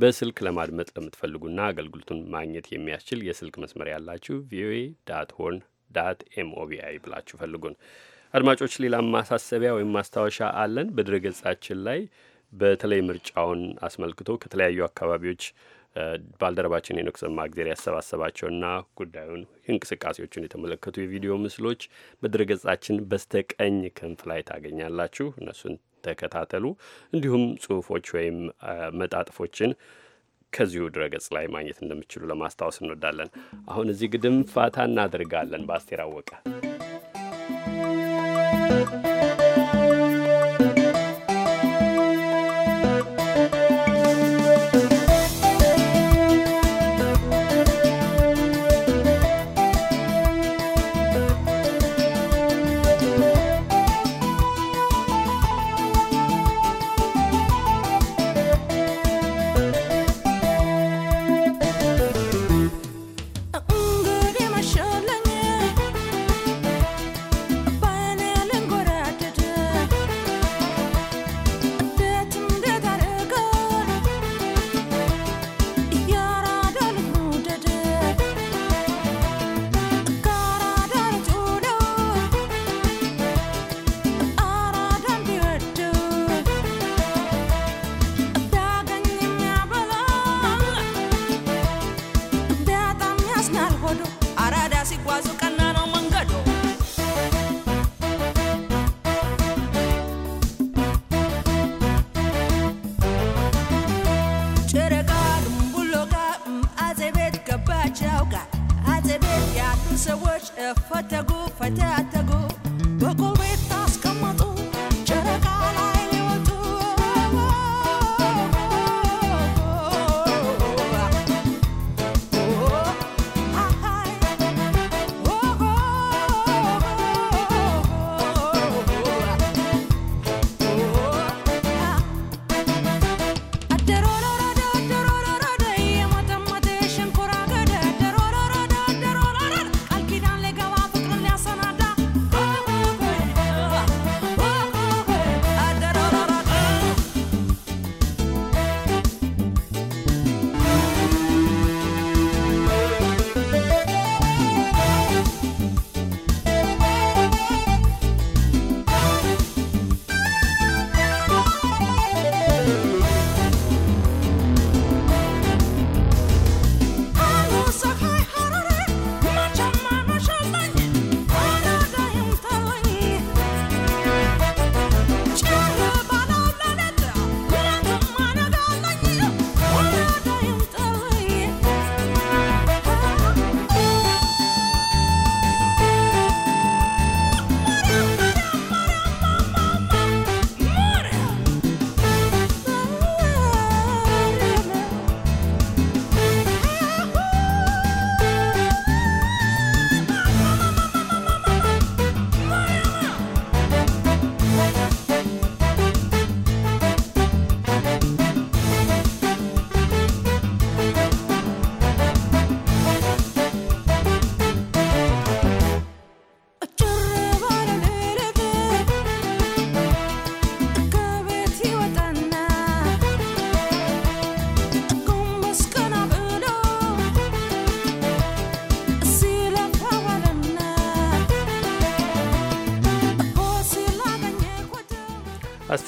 በስልክ ለማድመጥ ለምትፈልጉና አገልግሎቱን ማግኘት የሚያስችል የስልክ መስመር ያላችሁ ቪኦኤ ዳት ሆን ዳት ኤምኦቢአይ ብላችሁ ፈልጉን። አድማጮች፣ ሌላም ማሳሰቢያ ወይም ማስታወሻ አለን። በድረገጻችን ላይ በተለይ ምርጫውን አስመልክቶ ከተለያዩ አካባቢዎች ባልደረባችን ሄኖክ ሰማእግዜር ያሰባሰባቸውና ጉዳዩን እንቅስቃሴዎችን የተመለከቱ የቪዲዮ ምስሎች በድረገጻችን በስተቀኝ ክንፍ ላይ ታገኛላችሁ። እነሱን ተከታተሉ። እንዲሁም ጽሁፎች ወይም መጣጥፎችን ከዚሁ ድረገጽ ላይ ማግኘት እንደሚችሉ ለማስታወስ እንወዳለን። አሁን እዚህ ግድም ፋታ እናደርጋለን። በአስቴር አወቀ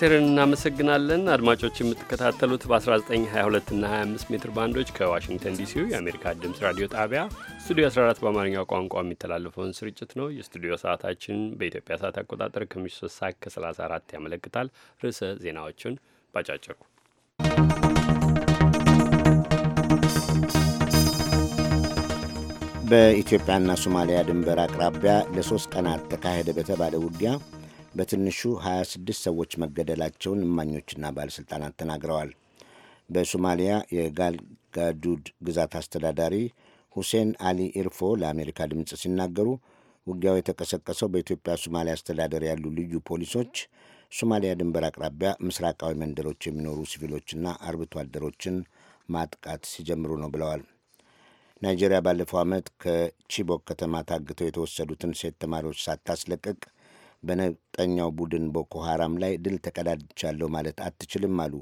ዳይሬክተርን እናመሰግናለን። አድማጮች የምትከታተሉት በ1922 እና 25 ሜትር ባንዶች ከዋሽንግተን ዲሲ የአሜሪካ ድምፅ ራዲዮ ጣቢያ ስቱዲዮ 14 በአማርኛ ቋንቋ የሚተላለፈውን ስርጭት ነው። የስቱዲዮ ሰዓታችን በኢትዮጵያ ሰዓት አቆጣጠር ከምሽቱ 3 ሰዓት ከ34 ያመለክታል። ርዕሰ ዜናዎቹን ባጫጭሩ በኢትዮጵያና ሶማሊያ ድንበር አቅራቢያ ለሶስት ቀናት ተካሄደ በተባለ ውጊያ በትንሹ 26 ሰዎች መገደላቸውን እማኞችና ባለሥልጣናት ተናግረዋል። በሶማሊያ የጋልጋዱድ ግዛት አስተዳዳሪ ሁሴን አሊ ኢርፎ ለአሜሪካ ድምፅ ሲናገሩ ውጊያው የተቀሰቀሰው በኢትዮጵያ ሶማሊያ አስተዳደር ያሉ ልዩ ፖሊሶች ሶማሊያ ድንበር አቅራቢያ ምስራቃዊ መንደሮች የሚኖሩ ሲቪሎችና አርብቶ አደሮችን ማጥቃት ሲጀምሩ ነው ብለዋል። ናይጄሪያ ባለፈው ዓመት ከቺቦክ ከተማ ታግተው የተወሰዱትን ሴት ተማሪዎች ሳታስለቅቅ በነጠኛው ቡድን ቦኮ ሐራም ላይ ድል ተቀዳጅቻለሁ ማለት አትችልም አሉ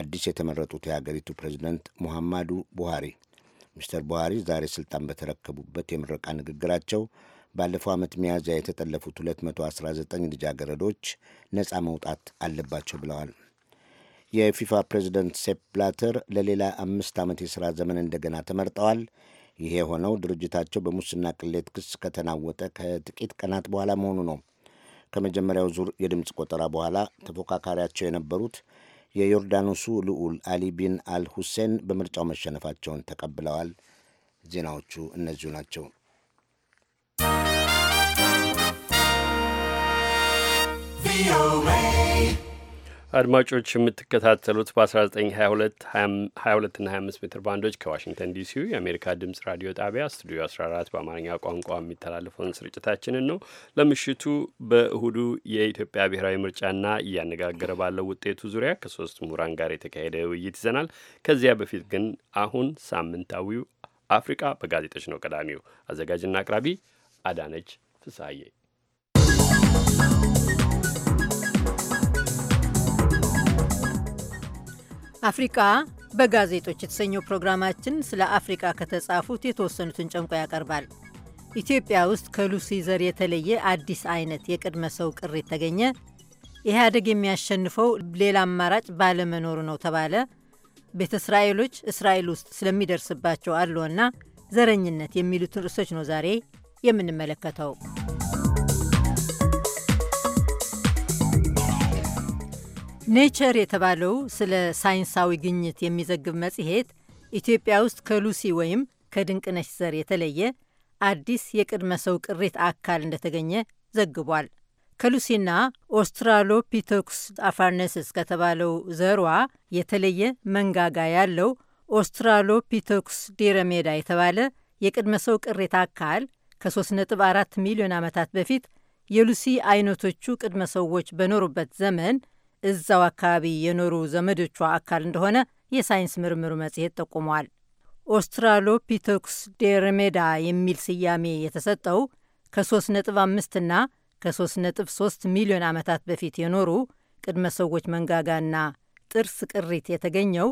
አዲስ የተመረጡት የሀገሪቱ ፕሬዚደንት ሙሐማዱ ቡሃሪ። ሚስተር ቡሃሪ ዛሬ ስልጣን በተረከቡበት የምረቃ ንግግራቸው ባለፈው ዓመት ሚያዝያ የተጠለፉት 219 ልጃገረዶች ነፃ መውጣት አለባቸው ብለዋል። የፊፋ ፕሬዚደንት ሴፕ ብላተር ለሌላ አምስት ዓመት የሥራ ዘመን እንደገና ተመርጠዋል። ይሄ የሆነው ድርጅታቸው በሙስና ቅሌት ክስ ከተናወጠ ከጥቂት ቀናት በኋላ መሆኑ ነው። ከመጀመሪያው ዙር የድምፅ ቆጠራ በኋላ ተፎካካሪያቸው የነበሩት የዮርዳኖሱ ልዑል አሊ ቢን አል ሁሴን በምርጫው መሸነፋቸውን ተቀብለዋል። ዜናዎቹ እነዚሁ ናቸው። ቪኦኤ አድማጮች የምትከታተሉት በ1922 22ና 25 ሜትር ባንዶች ከዋሽንግተን ዲሲው የአሜሪካ ድምፅ ራዲዮ ጣቢያ ስቱዲዮ 14 በአማርኛ ቋንቋ የሚተላለፈውን ስርጭታችንን ነው። ለምሽቱ በእሁዱ የኢትዮጵያ ብሔራዊ ምርጫና እያነጋገረ ባለው ውጤቱ ዙሪያ ከሶስት ምሁራን ጋር የተካሄደ ውይይት ይዘናል። ከዚያ በፊት ግን አሁን ሳምንታዊው አፍሪቃ በጋዜጦች ነው። ቀዳሚው አዘጋጅና አቅራቢ አዳነች ፍሳዬ አፍሪቃ በጋዜጦች የተሰኘው ፕሮግራማችን ስለ አፍሪቃ ከተጻፉት የተወሰኑትን ጨምቆ ያቀርባል። ኢትዮጵያ ውስጥ ከሉሲ ዘር የተለየ አዲስ አይነት የቅድመ ሰው ቅሪት ተገኘ፣ ኢህአደግ የሚያሸንፈው ሌላ አማራጭ ባለመኖሩ ነው ተባለ፣ ቤተ እስራኤሎች እስራኤል ውስጥ ስለሚደርስባቸው አለና ዘረኝነት የሚሉትን ርዕሶች ነው ዛሬ የምንመለከተው። ኔቸር የተባለው ስለ ሳይንሳዊ ግኝት የሚዘግብ መጽሔት ኢትዮጵያ ውስጥ ከሉሲ ወይም ከድንቅነሽ ዘር የተለየ አዲስ የቅድመ ሰው ቅሪት አካል እንደተገኘ ዘግቧል። ከሉሲና ኦስትራሎፒቶክስ አፋርነስስ ከተባለው ዘሯ የተለየ መንጋጋ ያለው ኦስትራሎፒቶክስ ዲረሜዳ የተባለ የቅድመ ሰው ቅሪት አካል ከ3.4 ሚሊዮን ዓመታት በፊት የሉሲ አይነቶቹ ቅድመ ሰዎች በኖሩበት ዘመን እዛው አካባቢ የኖሩ ዘመዶቿ አካል እንደሆነ የሳይንስ ምርምሩ መጽሔት ጠቁሟል። ኦስትራሎፒቴኩስ ዴርሜዳ የሚል ስያሜ የተሰጠው ከ3.5 እና ከ3.3 ሚሊዮን ዓመታት በፊት የኖሩ ቅድመ ሰዎች መንጋጋና ጥርስ ቅሪት የተገኘው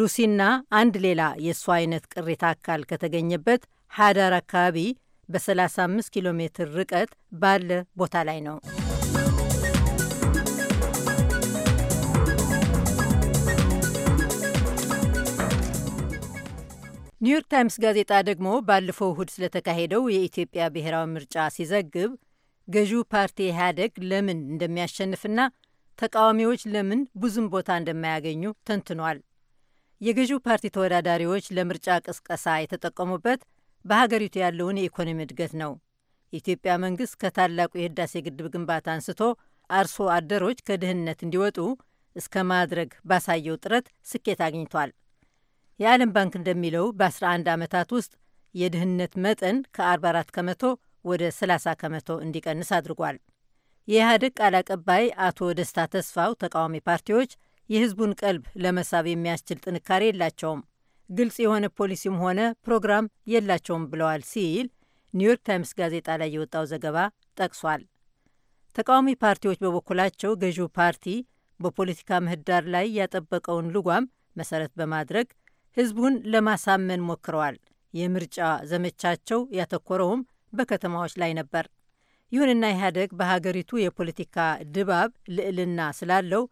ሉሲና አንድ ሌላ የእሷ አይነት ቅሪት አካል ከተገኘበት ሀዳር አካባቢ በ35 ኪሎ ሜትር ርቀት ባለ ቦታ ላይ ነው። ኒውዮርክ ታይምስ ጋዜጣ ደግሞ ባለፈው እሁድ ስለተካሄደው የኢትዮጵያ ብሔራዊ ምርጫ ሲዘግብ ገዢው ፓርቲ ኢህአደግ ለምን እንደሚያሸንፍና ተቃዋሚዎች ለምን ብዙም ቦታ እንደማያገኙ ተንትኗል። የገዢው ፓርቲ ተወዳዳሪዎች ለምርጫ ቅስቀሳ የተጠቀሙበት በሀገሪቱ ያለውን የኢኮኖሚ እድገት ነው። የኢትዮጵያ መንግስት ከታላቁ የህዳሴ ግድብ ግንባታ አንስቶ አርሶ አደሮች ከድህነት እንዲወጡ እስከ ማድረግ ባሳየው ጥረት ስኬት አግኝቷል። የዓለም ባንክ እንደሚለው በ11 ዓመታት ውስጥ የድህነት መጠን ከ44 ከመቶ ወደ 30 ከመቶ እንዲቀንስ አድርጓል። የኢህአዴግ ቃል አቀባይ አቶ ደስታ ተስፋው ተቃዋሚ ፓርቲዎች የህዝቡን ቀልብ ለመሳብ የሚያስችል ጥንካሬ የላቸውም፣ ግልጽ የሆነ ፖሊሲም ሆነ ፕሮግራም የላቸውም ብለዋል ሲል ኒውዮርክ ታይምስ ጋዜጣ ላይ የወጣው ዘገባ ጠቅሷል። ተቃዋሚ ፓርቲዎች በበኩላቸው ገዢው ፓርቲ በፖለቲካ ምህዳር ላይ ያጠበቀውን ልጓም መሰረት በማድረግ ህዝቡን ለማሳመን ሞክረዋል። የምርጫ ዘመቻቸው ያተኮረውም በከተማዎች ላይ ነበር። ይሁንና ኢህአደግ በሀገሪቱ የፖለቲካ ድባብ ልዕልና ስላለው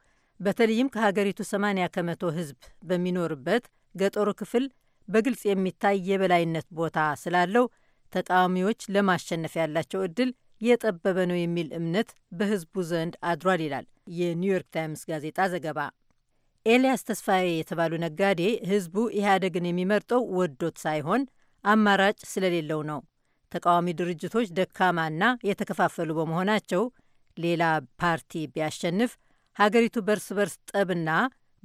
በተለይም ከሀገሪቱ 80 ከመቶ ህዝብ በሚኖርበት ገጠሩ ክፍል በግልጽ የሚታይ የበላይነት ቦታ ስላለው ተቃዋሚዎች ለማሸነፍ ያላቸው እድል የጠበበ ነው የሚል እምነት በህዝቡ ዘንድ አድሯል ይላል የኒውዮርክ ታይምስ ጋዜጣ ዘገባ። ኤልያስ ተስፋዬ የተባሉ ነጋዴ ህዝቡ ኢህአደግን የሚመርጠው ወዶት ሳይሆን አማራጭ ስለሌለው ነው፣ ተቃዋሚ ድርጅቶች ደካማና የተከፋፈሉ በመሆናቸው ሌላ ፓርቲ ቢያሸንፍ ሀገሪቱ በርስ በርስ ጠብና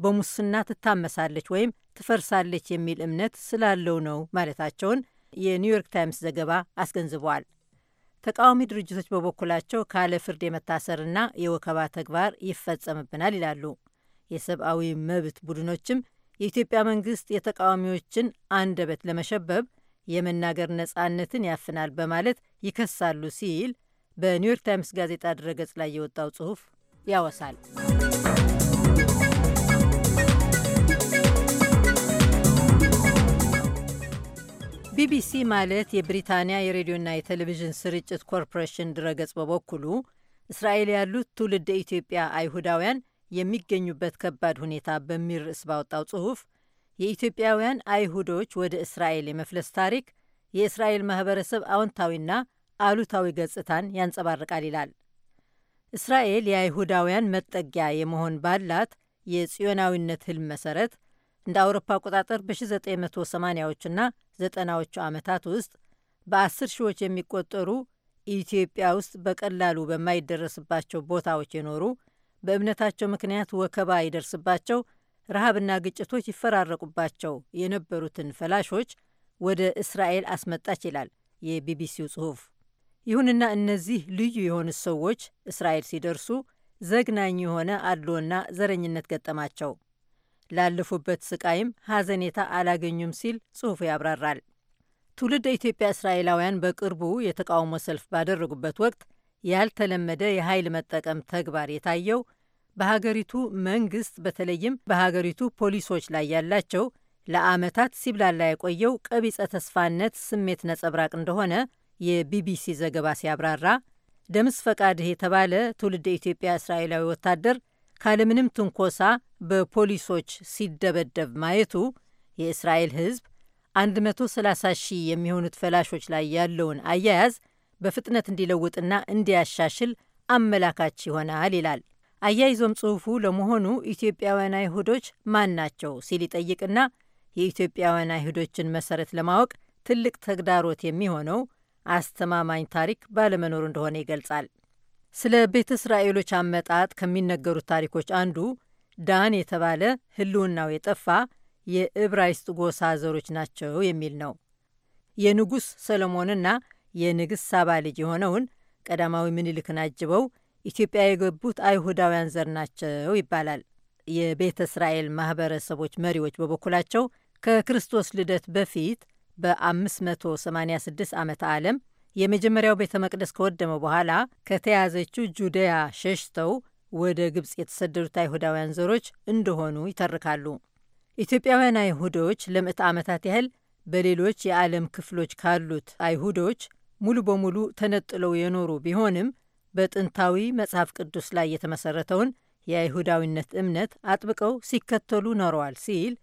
በሙስና ትታመሳለች ወይም ትፈርሳለች የሚል እምነት ስላለው ነው ማለታቸውን የኒውዮርክ ታይምስ ዘገባ አስገንዝቧል። ተቃዋሚ ድርጅቶች በበኩላቸው ካለ ፍርድ የመታሰርና የወከባ ተግባር ይፈጸምብናል ይላሉ። የሰብአዊ መብት ቡድኖችም የኢትዮጵያ መንግስት የተቃዋሚዎችን አንደበት ለመሸበብ የመናገር ነጻነትን ያፍናል በማለት ይከሳሉ ሲል በኒውዮርክ ታይምስ ጋዜጣ ድረገጽ ላይ የወጣው ጽሑፍ ያወሳል። ቢቢሲ ማለት የብሪታንያ የሬዲዮና የቴሌቪዥን ስርጭት ኮርፖሬሽን ድረገጽ በበኩሉ እስራኤል ያሉት ትውልድ ኢትዮጵያ አይሁዳውያን የሚገኙበት ከባድ ሁኔታ በሚል ርዕስ ባወጣው ጽሑፍ የኢትዮጵያውያን አይሁዶች ወደ እስራኤል የመፍለስ ታሪክ የእስራኤል ማህበረሰብ አዎንታዊና አሉታዊ ገጽታን ያንጸባርቃል ይላል። እስራኤል የአይሁዳውያን መጠጊያ የመሆን ባላት የጽዮናዊነት ህልም መሰረት እንደ አውሮፓ አቆጣጠር በ1980ዎቹና 9 ዎቹ ዓመታት ውስጥ በአስር ሺዎች የሚቆጠሩ ኢትዮጵያ ውስጥ በቀላሉ በማይደረስባቸው ቦታዎች የኖሩ በእምነታቸው ምክንያት ወከባ ይደርስባቸው፣ ረሃብና ግጭቶች ይፈራረቁባቸው የነበሩትን ፈላሾች ወደ እስራኤል አስመጣች ይላል የቢቢሲው ጽሑፍ። ይሁንና እነዚህ ልዩ የሆኑት ሰዎች እስራኤል ሲደርሱ ዘግናኝ የሆነ አድሎና ዘረኝነት ገጠማቸው። ላለፉበት ስቃይም ሐዘኔታ አላገኙም ሲል ጽሑፉ ያብራራል። ትውልደ ኢትዮጵያ እስራኤላውያን በቅርቡ የተቃውሞ ሰልፍ ባደረጉበት ወቅት ያልተለመደ የኃይል መጠቀም ተግባር የታየው በሀገሪቱ መንግስት በተለይም በሀገሪቱ ፖሊሶች ላይ ያላቸው ለአመታት ሲብላላ የቆየው ቀቢጸ ተስፋነት ስሜት ነጸብራቅ እንደሆነ የቢቢሲ ዘገባ ሲያብራራ፣ ደምስ ፈቃድህ የተባለ ትውልድ ኢትዮጵያ እስራኤላዊ ወታደር ካለምንም ትንኮሳ በፖሊሶች ሲደበደብ ማየቱ የእስራኤል ህዝብ 130 ሺህ የሚሆኑት ፈላሾች ላይ ያለውን አያያዝ በፍጥነት እንዲለውጥና እንዲያሻሽል አመላካች ይሆናል ይላል። አያይዞም ጽሑፉ ለመሆኑ ኢትዮጵያውያን አይሁዶች ማን ናቸው ሲል ይጠይቅና የኢትዮጵያውያን አይሁዶችን መሰረት ለማወቅ ትልቅ ተግዳሮት የሚሆነው አስተማማኝ ታሪክ ባለመኖሩ እንደሆነ ይገልጻል። ስለ ቤተ እስራኤሎች አመጣጥ ከሚነገሩት ታሪኮች አንዱ ዳን የተባለ ሕልውናው የጠፋ የዕብራይስጥ ጎሳ ዘሮች ናቸው የሚል ነው። የንጉሥ ሰሎሞንና የንግሥት ሳባ ልጅ የሆነውን ቀዳማዊ ምኒልክን አጅበው ኢትዮጵያ የገቡት አይሁዳውያን ዘር ናቸው ይባላል። የቤተ እስራኤል ማህበረሰቦች መሪዎች በበኩላቸው ከክርስቶስ ልደት በፊት በ586 ዓመተ ዓለም የመጀመሪያው ቤተ መቅደስ ከወደመ በኋላ ከተያዘችው ጁደያ ሸሽተው ወደ ግብፅ የተሰደዱት አይሁዳውያን ዘሮች እንደሆኑ ይተርካሉ። ኢትዮጵያውያን አይሁዶች ለምዕተ ዓመታት ያህል በሌሎች የዓለም ክፍሎች ካሉት አይሁዶች ሙሉ በሙሉ ተነጥለው የኖሩ ቢሆንም በጥንታዊ መጽሐፍ ቅዱስ ላይ የተመሰረተውን የአይሁዳዊነት እምነት አጥብቀው ሲከተሉ ኖረዋል ሲል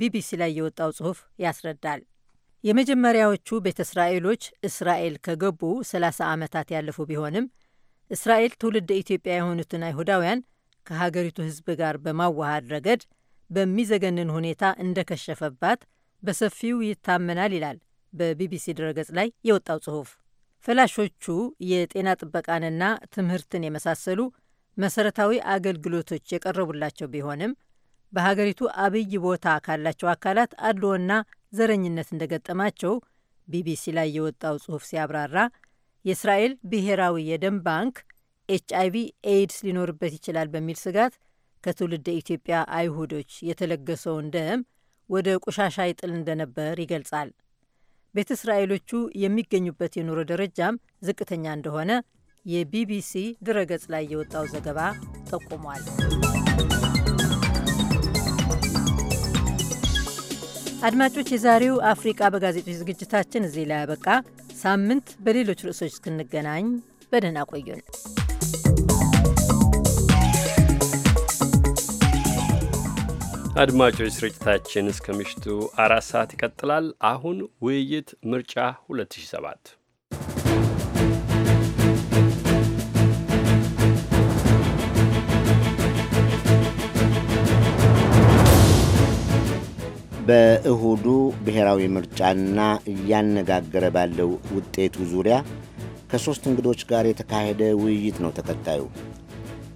ቢቢሲ ላይ የወጣው ጽሑፍ ያስረዳል። የመጀመሪያዎቹ ቤተ እስራኤሎች እስራኤል ከገቡ 30 ዓመታት ያለፉ ቢሆንም እስራኤል ትውልድ ኢትዮጵያ የሆኑትን አይሁዳውያን ከሀገሪቱ ሕዝብ ጋር በማዋሃድ ረገድ በሚዘገንን ሁኔታ እንደከሸፈባት በሰፊው ይታመናል ይላል በቢቢሲ ድረገጽ ላይ የወጣው ጽሑፍ። ፈላሾቹ የጤና ጥበቃንና ትምህርትን የመሳሰሉ መሰረታዊ አገልግሎቶች የቀረቡላቸው ቢሆንም በሀገሪቱ አብይ ቦታ ካላቸው አካላት አድልዎና ዘረኝነት እንደገጠማቸው ቢቢሲ ላይ የወጣው ጽሑፍ ሲያብራራ የእስራኤል ብሔራዊ የደም ባንክ ኤች ቪ ኤድስ ሊኖርበት ይችላል በሚል ስጋት ከትውልደ ኢትዮጵያ አይሁዶች የተለገሰውን ደም ወደ ቆሻሻ ይጥል እንደነበር ይገልጻል። ቤተ እስራኤሎቹ የሚገኙበት የኑሮ ደረጃም ዝቅተኛ እንደሆነ የቢቢሲ ድረገጽ ላይ የወጣው ዘገባ ጠቁሟል። አድማጮች፣ የዛሬው አፍሪቃ በጋዜጦች ዝግጅታችን እዚህ ላይ ያበቃ። ሳምንት በሌሎች ርዕሶች እስክንገናኝ በደህና ቆዩን። አድማጮች ስርጭታችን እስከ ምሽቱ አራት ሰዓት ይቀጥላል። አሁን ውይይት ምርጫ 2007 በእሁዱ ብሔራዊ ምርጫና እያነጋገረ ባለው ውጤቱ ዙሪያ ከሦስት እንግዶች ጋር የተካሄደ ውይይት ነው ተከታዩ።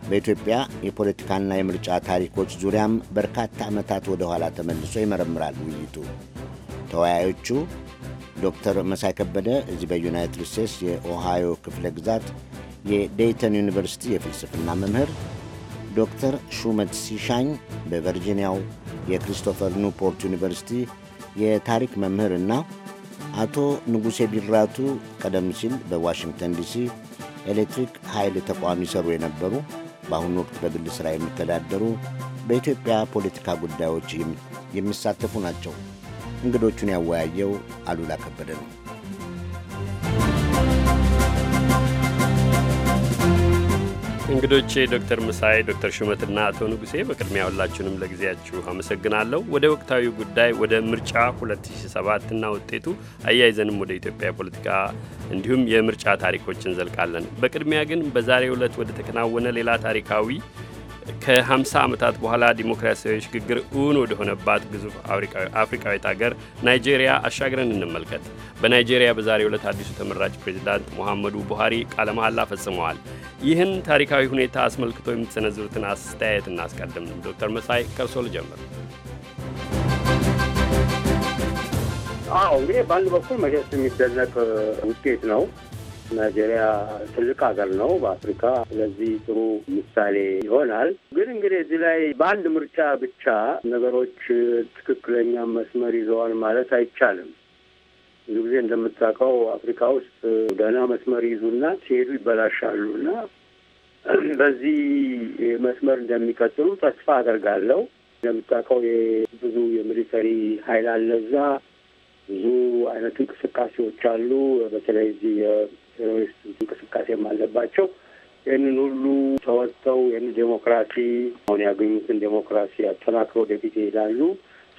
በኢትዮጵያ የፖለቲካና የምርጫ ታሪኮች ዙሪያም በርካታ ዓመታት ወደ ኋላ ተመልሶ ይመረምራል ውይይቱ። ተወያዮቹ ዶክተር መሳይ ከበደ እዚህ በዩናይትድ ስቴትስ የኦሃዮ ክፍለ ግዛት የዴይተን ዩኒቨርሲቲ የፍልስፍና መምህር፣ ዶክተር ሹመት ሲሻኝ በቨርጂኒያው የክሪስቶፈር ኒውፖርት ዩኒቨርሲቲ የታሪክ መምህር እና አቶ ንጉሴ ቢራቱ ቀደም ሲል በዋሽንግተን ዲሲ ኤሌክትሪክ ኃይል ተቋም ይሰሩ የነበሩ በአሁኑ ወቅት በግል ሥራ የሚተዳደሩ በኢትዮጵያ ፖለቲካ ጉዳዮች የሚሳተፉ ናቸው። እንግዶቹን ያወያየው አሉላ ከበደ ነው። እንግዶቼ ዶክተር ምሳይ ዶክተር ሹመትና አቶ ንጉሴ በቅድሚያ ሁላችሁንም ለጊዜያችሁ አመሰግናለሁ። ወደ ወቅታዊ ጉዳይ ወደ ምርጫ 2007 እና ውጤቱ አያይዘንም ወደ ኢትዮጵያ ፖለቲካ እንዲሁም የምርጫ ታሪኮች እንዘልቃለን። በቅድሚያ ግን በዛሬው ዕለት ወደ ተከናወነ ሌላ ታሪካዊ ከ50 ዓመታት በኋላ ዲሞክራሲያዊ ሽግግር እውን ወደሆነባት ግዙፍ አፍሪካዊት አገር ናይጄሪያ አሻግረን እንመልከት። በናይጄሪያ በዛሬው ዕለት አዲሱ ተመራጭ ፕሬዚዳንት ሙሐመዱ ቡሃሪ ቃለ መሐላ ፈጽመዋል። ይህን ታሪካዊ ሁኔታ አስመልክቶ የምትሰነዝሩትን አስተያየት እናስቀድም። ዶክተር መሳይ ከርሶ ልጀምር። አዎ እንግዲህ በአንድ በኩል መቼስ የሚደነቅ ውጤት ነው ናይጄሪያ ትልቅ ሀገር ነው በአፍሪካ። ስለዚህ ጥሩ ምሳሌ ይሆናል። ግን እንግዲህ እዚህ ላይ በአንድ ምርጫ ብቻ ነገሮች ትክክለኛ መስመር ይዘዋል ማለት አይቻልም። ብዙ ጊዜ እንደምታውቀው አፍሪካ ውስጥ ደህና መስመር ይዙና ሲሄዱ ይበላሻሉ እና በዚህ መስመር እንደሚቀጥሉ ተስፋ አደርጋለሁ። እንደምታውቀው ብዙ የሚሊተሪ ኃይል አለ እዛ ብዙ አይነት እንቅስቃሴዎች አሉ። በተለይ እዚህ ቴሮሪስት እንቅስቃሴም አለባቸው። ይህንን ሁሉ ተወጥተው ይህን ዴሞክራሲ አሁን ያገኙትን ዴሞክራሲ አጠናክረው ወደፊት ይሄዳሉ።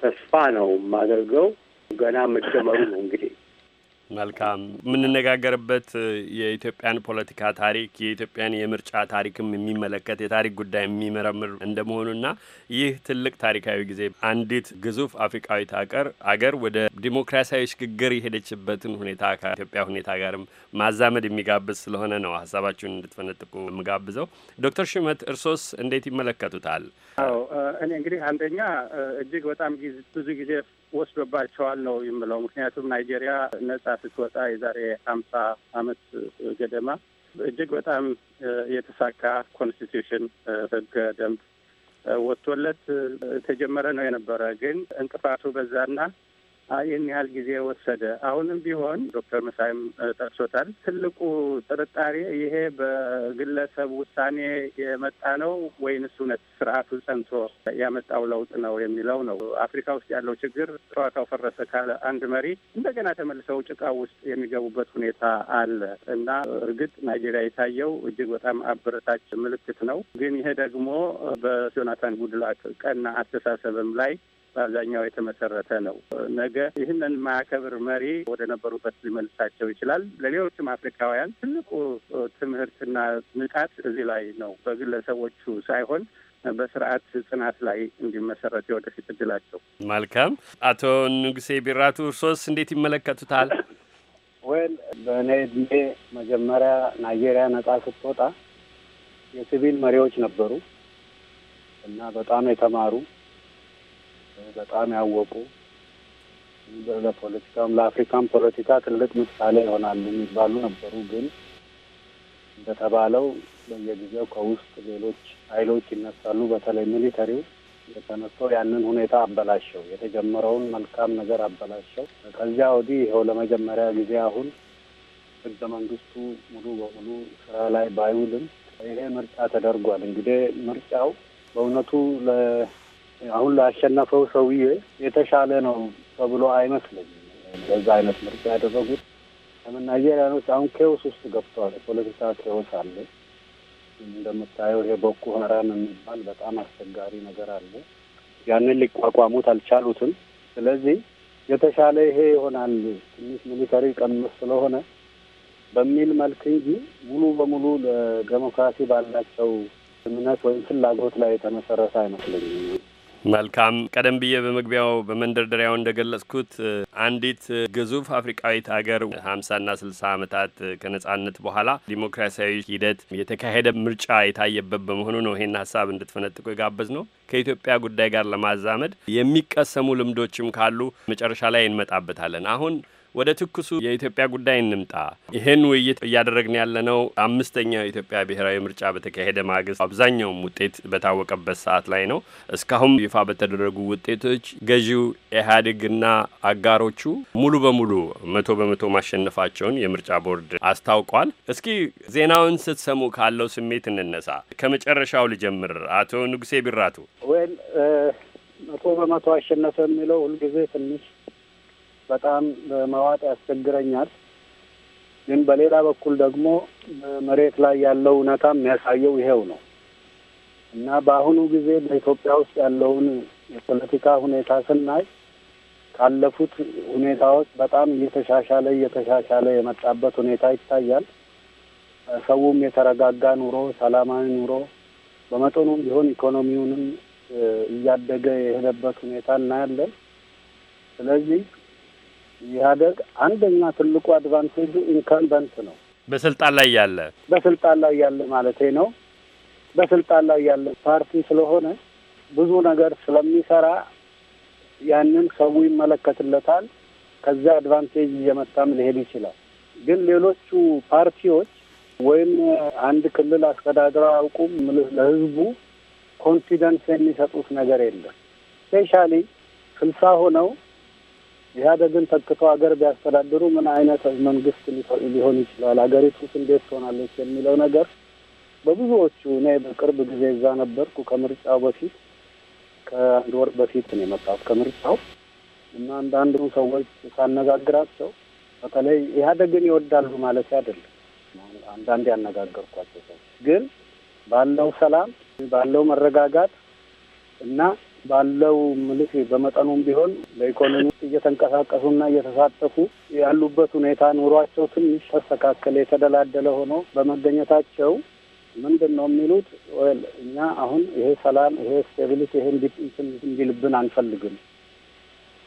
ተስፋ ነው የማደርገው። ገና መጀመሩ ነው እንግዲህ መልካም የምንነጋገርበት የኢትዮጵያን ፖለቲካ ታሪክ የኢትዮጵያን የምርጫ ታሪክም የሚመለከት የታሪክ ጉዳይ የሚመረምር እንደመሆኑና ይህ ትልቅ ታሪካዊ ጊዜ አንዲት ግዙፍ አፍሪካዊት አገር አገር ወደ ዲሞክራሲያዊ ሽግግር የሄደችበትን ሁኔታ ከኢትዮጵያ ሁኔታ ጋርም ማዛመድ የሚጋብዝ ስለሆነ ነው ሀሳባችሁን እንድትፈነጥቁ የምጋብዘው። ዶክተር ሽመት እርሶስ እንዴት ይመለከቱታል? አዎ እኔ እንግዲህ አንደኛ እጅግ በጣም ብዙ ጊዜ ወስዶባቸዋል ነው የምለው። ምክንያቱም ናይጄሪያ ነጻ ስትወጣ የዛሬ ሀምሳ አመት ገደማ እጅግ በጣም የተሳካ ኮንስቲትዩሽን ህገ ደንብ ወጥቶለት ተጀመረ ነው የነበረ። ግን እንቅፋቱ በዛና ይህን ያህል ጊዜ ወሰደ። አሁንም ቢሆን ዶክተር መሳይም ጠቅሶታል። ትልቁ ጥርጣሬ ይሄ በግለሰብ ውሳኔ የመጣ ነው ወይንስ እውነት ስርዓቱ ጸንቶ ያመጣው ለውጥ ነው የሚለው ነው። አፍሪካ ውስጥ ያለው ችግር ጨዋታው ፈረሰ ካለ አንድ መሪ እንደገና ተመልሰው ጭቃ ውስጥ የሚገቡበት ሁኔታ አለ እና እርግጥ ናይጄሪያ የታየው እጅግ በጣም አበረታች ምልክት ነው። ግን ይሄ ደግሞ በዮናታን ጉድላት ቀና አስተሳሰብም ላይ በአብዛኛው የተመሰረተ ነው። ነገ ይህንን ማያከብር መሪ ወደ ነበሩበት ሊመልሳቸው ይችላል። ለሌሎችም አፍሪካውያን ትልቁ ትምህርትና ንቃት እዚህ ላይ ነው። በግለሰቦቹ ሳይሆን በስርዓት ጽናት ላይ እንዲመሰረት የወደፊት እድላቸው። መልካም። አቶ ንጉሴ ቢራቱ እርሶስ እንዴት ይመለከቱታል? ወይል በእኔ እድሜ መጀመሪያ ናይጄሪያ ነጻ ስትወጣ የሲቪል መሪዎች ነበሩ እና በጣም የተማሩ በጣም ያወቁ ለፖለቲካም ለአፍሪካም ፖለቲካ ትልቅ ምሳሌ ይሆናሉ የሚባሉ ነበሩ። ግን እንደተባለው በየጊዜው ከውስጥ ሌሎች ኃይሎች ይነሳሉ። በተለይ ሚሊተሪው የተነሳው ያንን ሁኔታ አበላሸው፣ የተጀመረውን መልካም ነገር አበላሸው። ከዚያ ወዲህ ይኸው ለመጀመሪያ ጊዜ አሁን ህገ መንግስቱ ሙሉ በሙሉ ስራ ላይ ባይውልም ይሄ ምርጫ ተደርጓል። እንግዲህ ምርጫው በእውነቱ አሁን ላሸነፈው ሰውዬ የተሻለ ነው ተብሎ አይመስለኝም። በዛ አይነት ምርጫ ያደረጉት ለምን ናይጄሪያኖች አሁን ኬዎስ ውስጥ ገብተዋል። የፖለቲካ ኬዎስ አለ። እንደምታየው ይሄ ቦኮ ሀራም የሚባል በጣም አስቸጋሪ ነገር አለ። ያንን ሊቋቋሙት አልቻሉትም። ስለዚህ የተሻለ ይሄ ይሆናል ትንሽ ሚሊተሪ ቀንስ ስለሆነ በሚል መልክ እንጂ ሙሉ በሙሉ ለዴሞክራሲ ባላቸው እምነት ወይም ፍላጎት ላይ የተመሰረተ አይመስለኝም። መልካም ቀደም ብዬ በመግቢያው በመንደርደሪያው እንደገለጽኩት አንዲት ግዙፍ አፍሪቃዊት ሀገር ሀምሳና ስልሳ ዓመታት ከነጻነት በኋላ ዲሞክራሲያዊ ሂደት የተካሄደ ምርጫ የታየበት በመሆኑ ነው ይሄን ሀሳብ እንድትፈነጥቁ የጋበዝ ነው። ከኢትዮጵያ ጉዳይ ጋር ለማዛመድ የሚቀሰሙ ልምዶችም ካሉ መጨረሻ ላይ እንመጣበታለን። አሁን ወደ ትኩሱ የኢትዮጵያ ጉዳይ እንምጣ። ይህን ውይይት እያደረግን ያለነው አምስተኛው የኢትዮጵያ ብሔራዊ ምርጫ በተካሄደ ማግስት አብዛኛውም ውጤት በታወቀበት ሰዓት ላይ ነው። እስካሁን ይፋ በተደረጉ ውጤቶች ገዢው ኢህአዴግና አጋሮቹ ሙሉ በሙሉ መቶ በመቶ ማሸነፋቸውን የምርጫ ቦርድ አስታውቋል። እስኪ ዜናውን ስትሰሙ ካለው ስሜት እንነሳ። ከመጨረሻው ልጀምር። አቶ ንጉሴ ቢራቱ ወይም መቶ በመቶ አሸነፈ የሚለው ሁልጊዜ ትንሽ በጣም በመዋጥ ያስቸግረኛል። ግን በሌላ በኩል ደግሞ መሬት ላይ ያለው እውነታ የሚያሳየው ይሄው ነው እና በአሁኑ ጊዜ በኢትዮጵያ ውስጥ ያለውን የፖለቲካ ሁኔታ ስናይ ካለፉት ሁኔታዎች በጣም እየተሻሻለ እየተሻሻለ የመጣበት ሁኔታ ይታያል። ሰውም የተረጋጋ ኑሮ፣ ሰላማዊ ኑሮ በመጠኑም ቢሆን ኢኮኖሚውንም እያደገ የሄደበት ሁኔታ እናያለን። ስለዚህ ኢህአደግ አንደኛ ትልቁ አድቫንቴጁ ኢንከምበንት ነው። በስልጣን ላይ ያለ በስልጣን ላይ ያለ ማለት ነው። በስልጣን ላይ ያለ ፓርቲ ስለሆነ ብዙ ነገር ስለሚሰራ ያንን ሰው ይመለከትለታል። ከዛ አድቫንቴጅ እየመጣም ሊሄድ ይችላል። ግን ሌሎቹ ፓርቲዎች ወይም አንድ ክልል አስተዳድረው አያውቁም። ለህዝቡ ኮንፊደንስ የሚሰጡት ነገር የለም። ስፔሻሊ ስልሳ ሆነው ኢህአዴግን ተክቶ ሀገር ቢያስተዳድሩ ምን አይነት መንግስት ሊሆን ይችላል፣ ሀገሪቱ እንዴት ትሆናለች የሚለው ነገር በብዙዎቹ እኔ በቅርብ ጊዜ እዛ ነበርኩ። ከምርጫው በፊት ከአንድ ወር በፊት ነው የመጣሁት ከምርጫው እና አንዳንዱ ሰዎች ሳነጋግራቸው በተለይ ኢህአዴግን ይወዳሉ ማለት አይደለም። አንዳንድ ያነጋገርኳቸው ሰዎች ግን ባለው ሰላም ባለው መረጋጋት እና ባለው ምልክ በመጠኑም ቢሆን በኢኮኖሚ ውስጥ እየተንቀሳቀሱና እየተሳተፉ ያሉበት ሁኔታ ኑሯቸው ትንሽ ተስተካከለ፣ የተደላደለ ሆኖ በመገኘታቸው ምንድን ነው የሚሉት ወል እኛ አሁን ይሄ ሰላም ይሄ ስቴቢሊቲ ይሄ እንዲልብን አንፈልግም።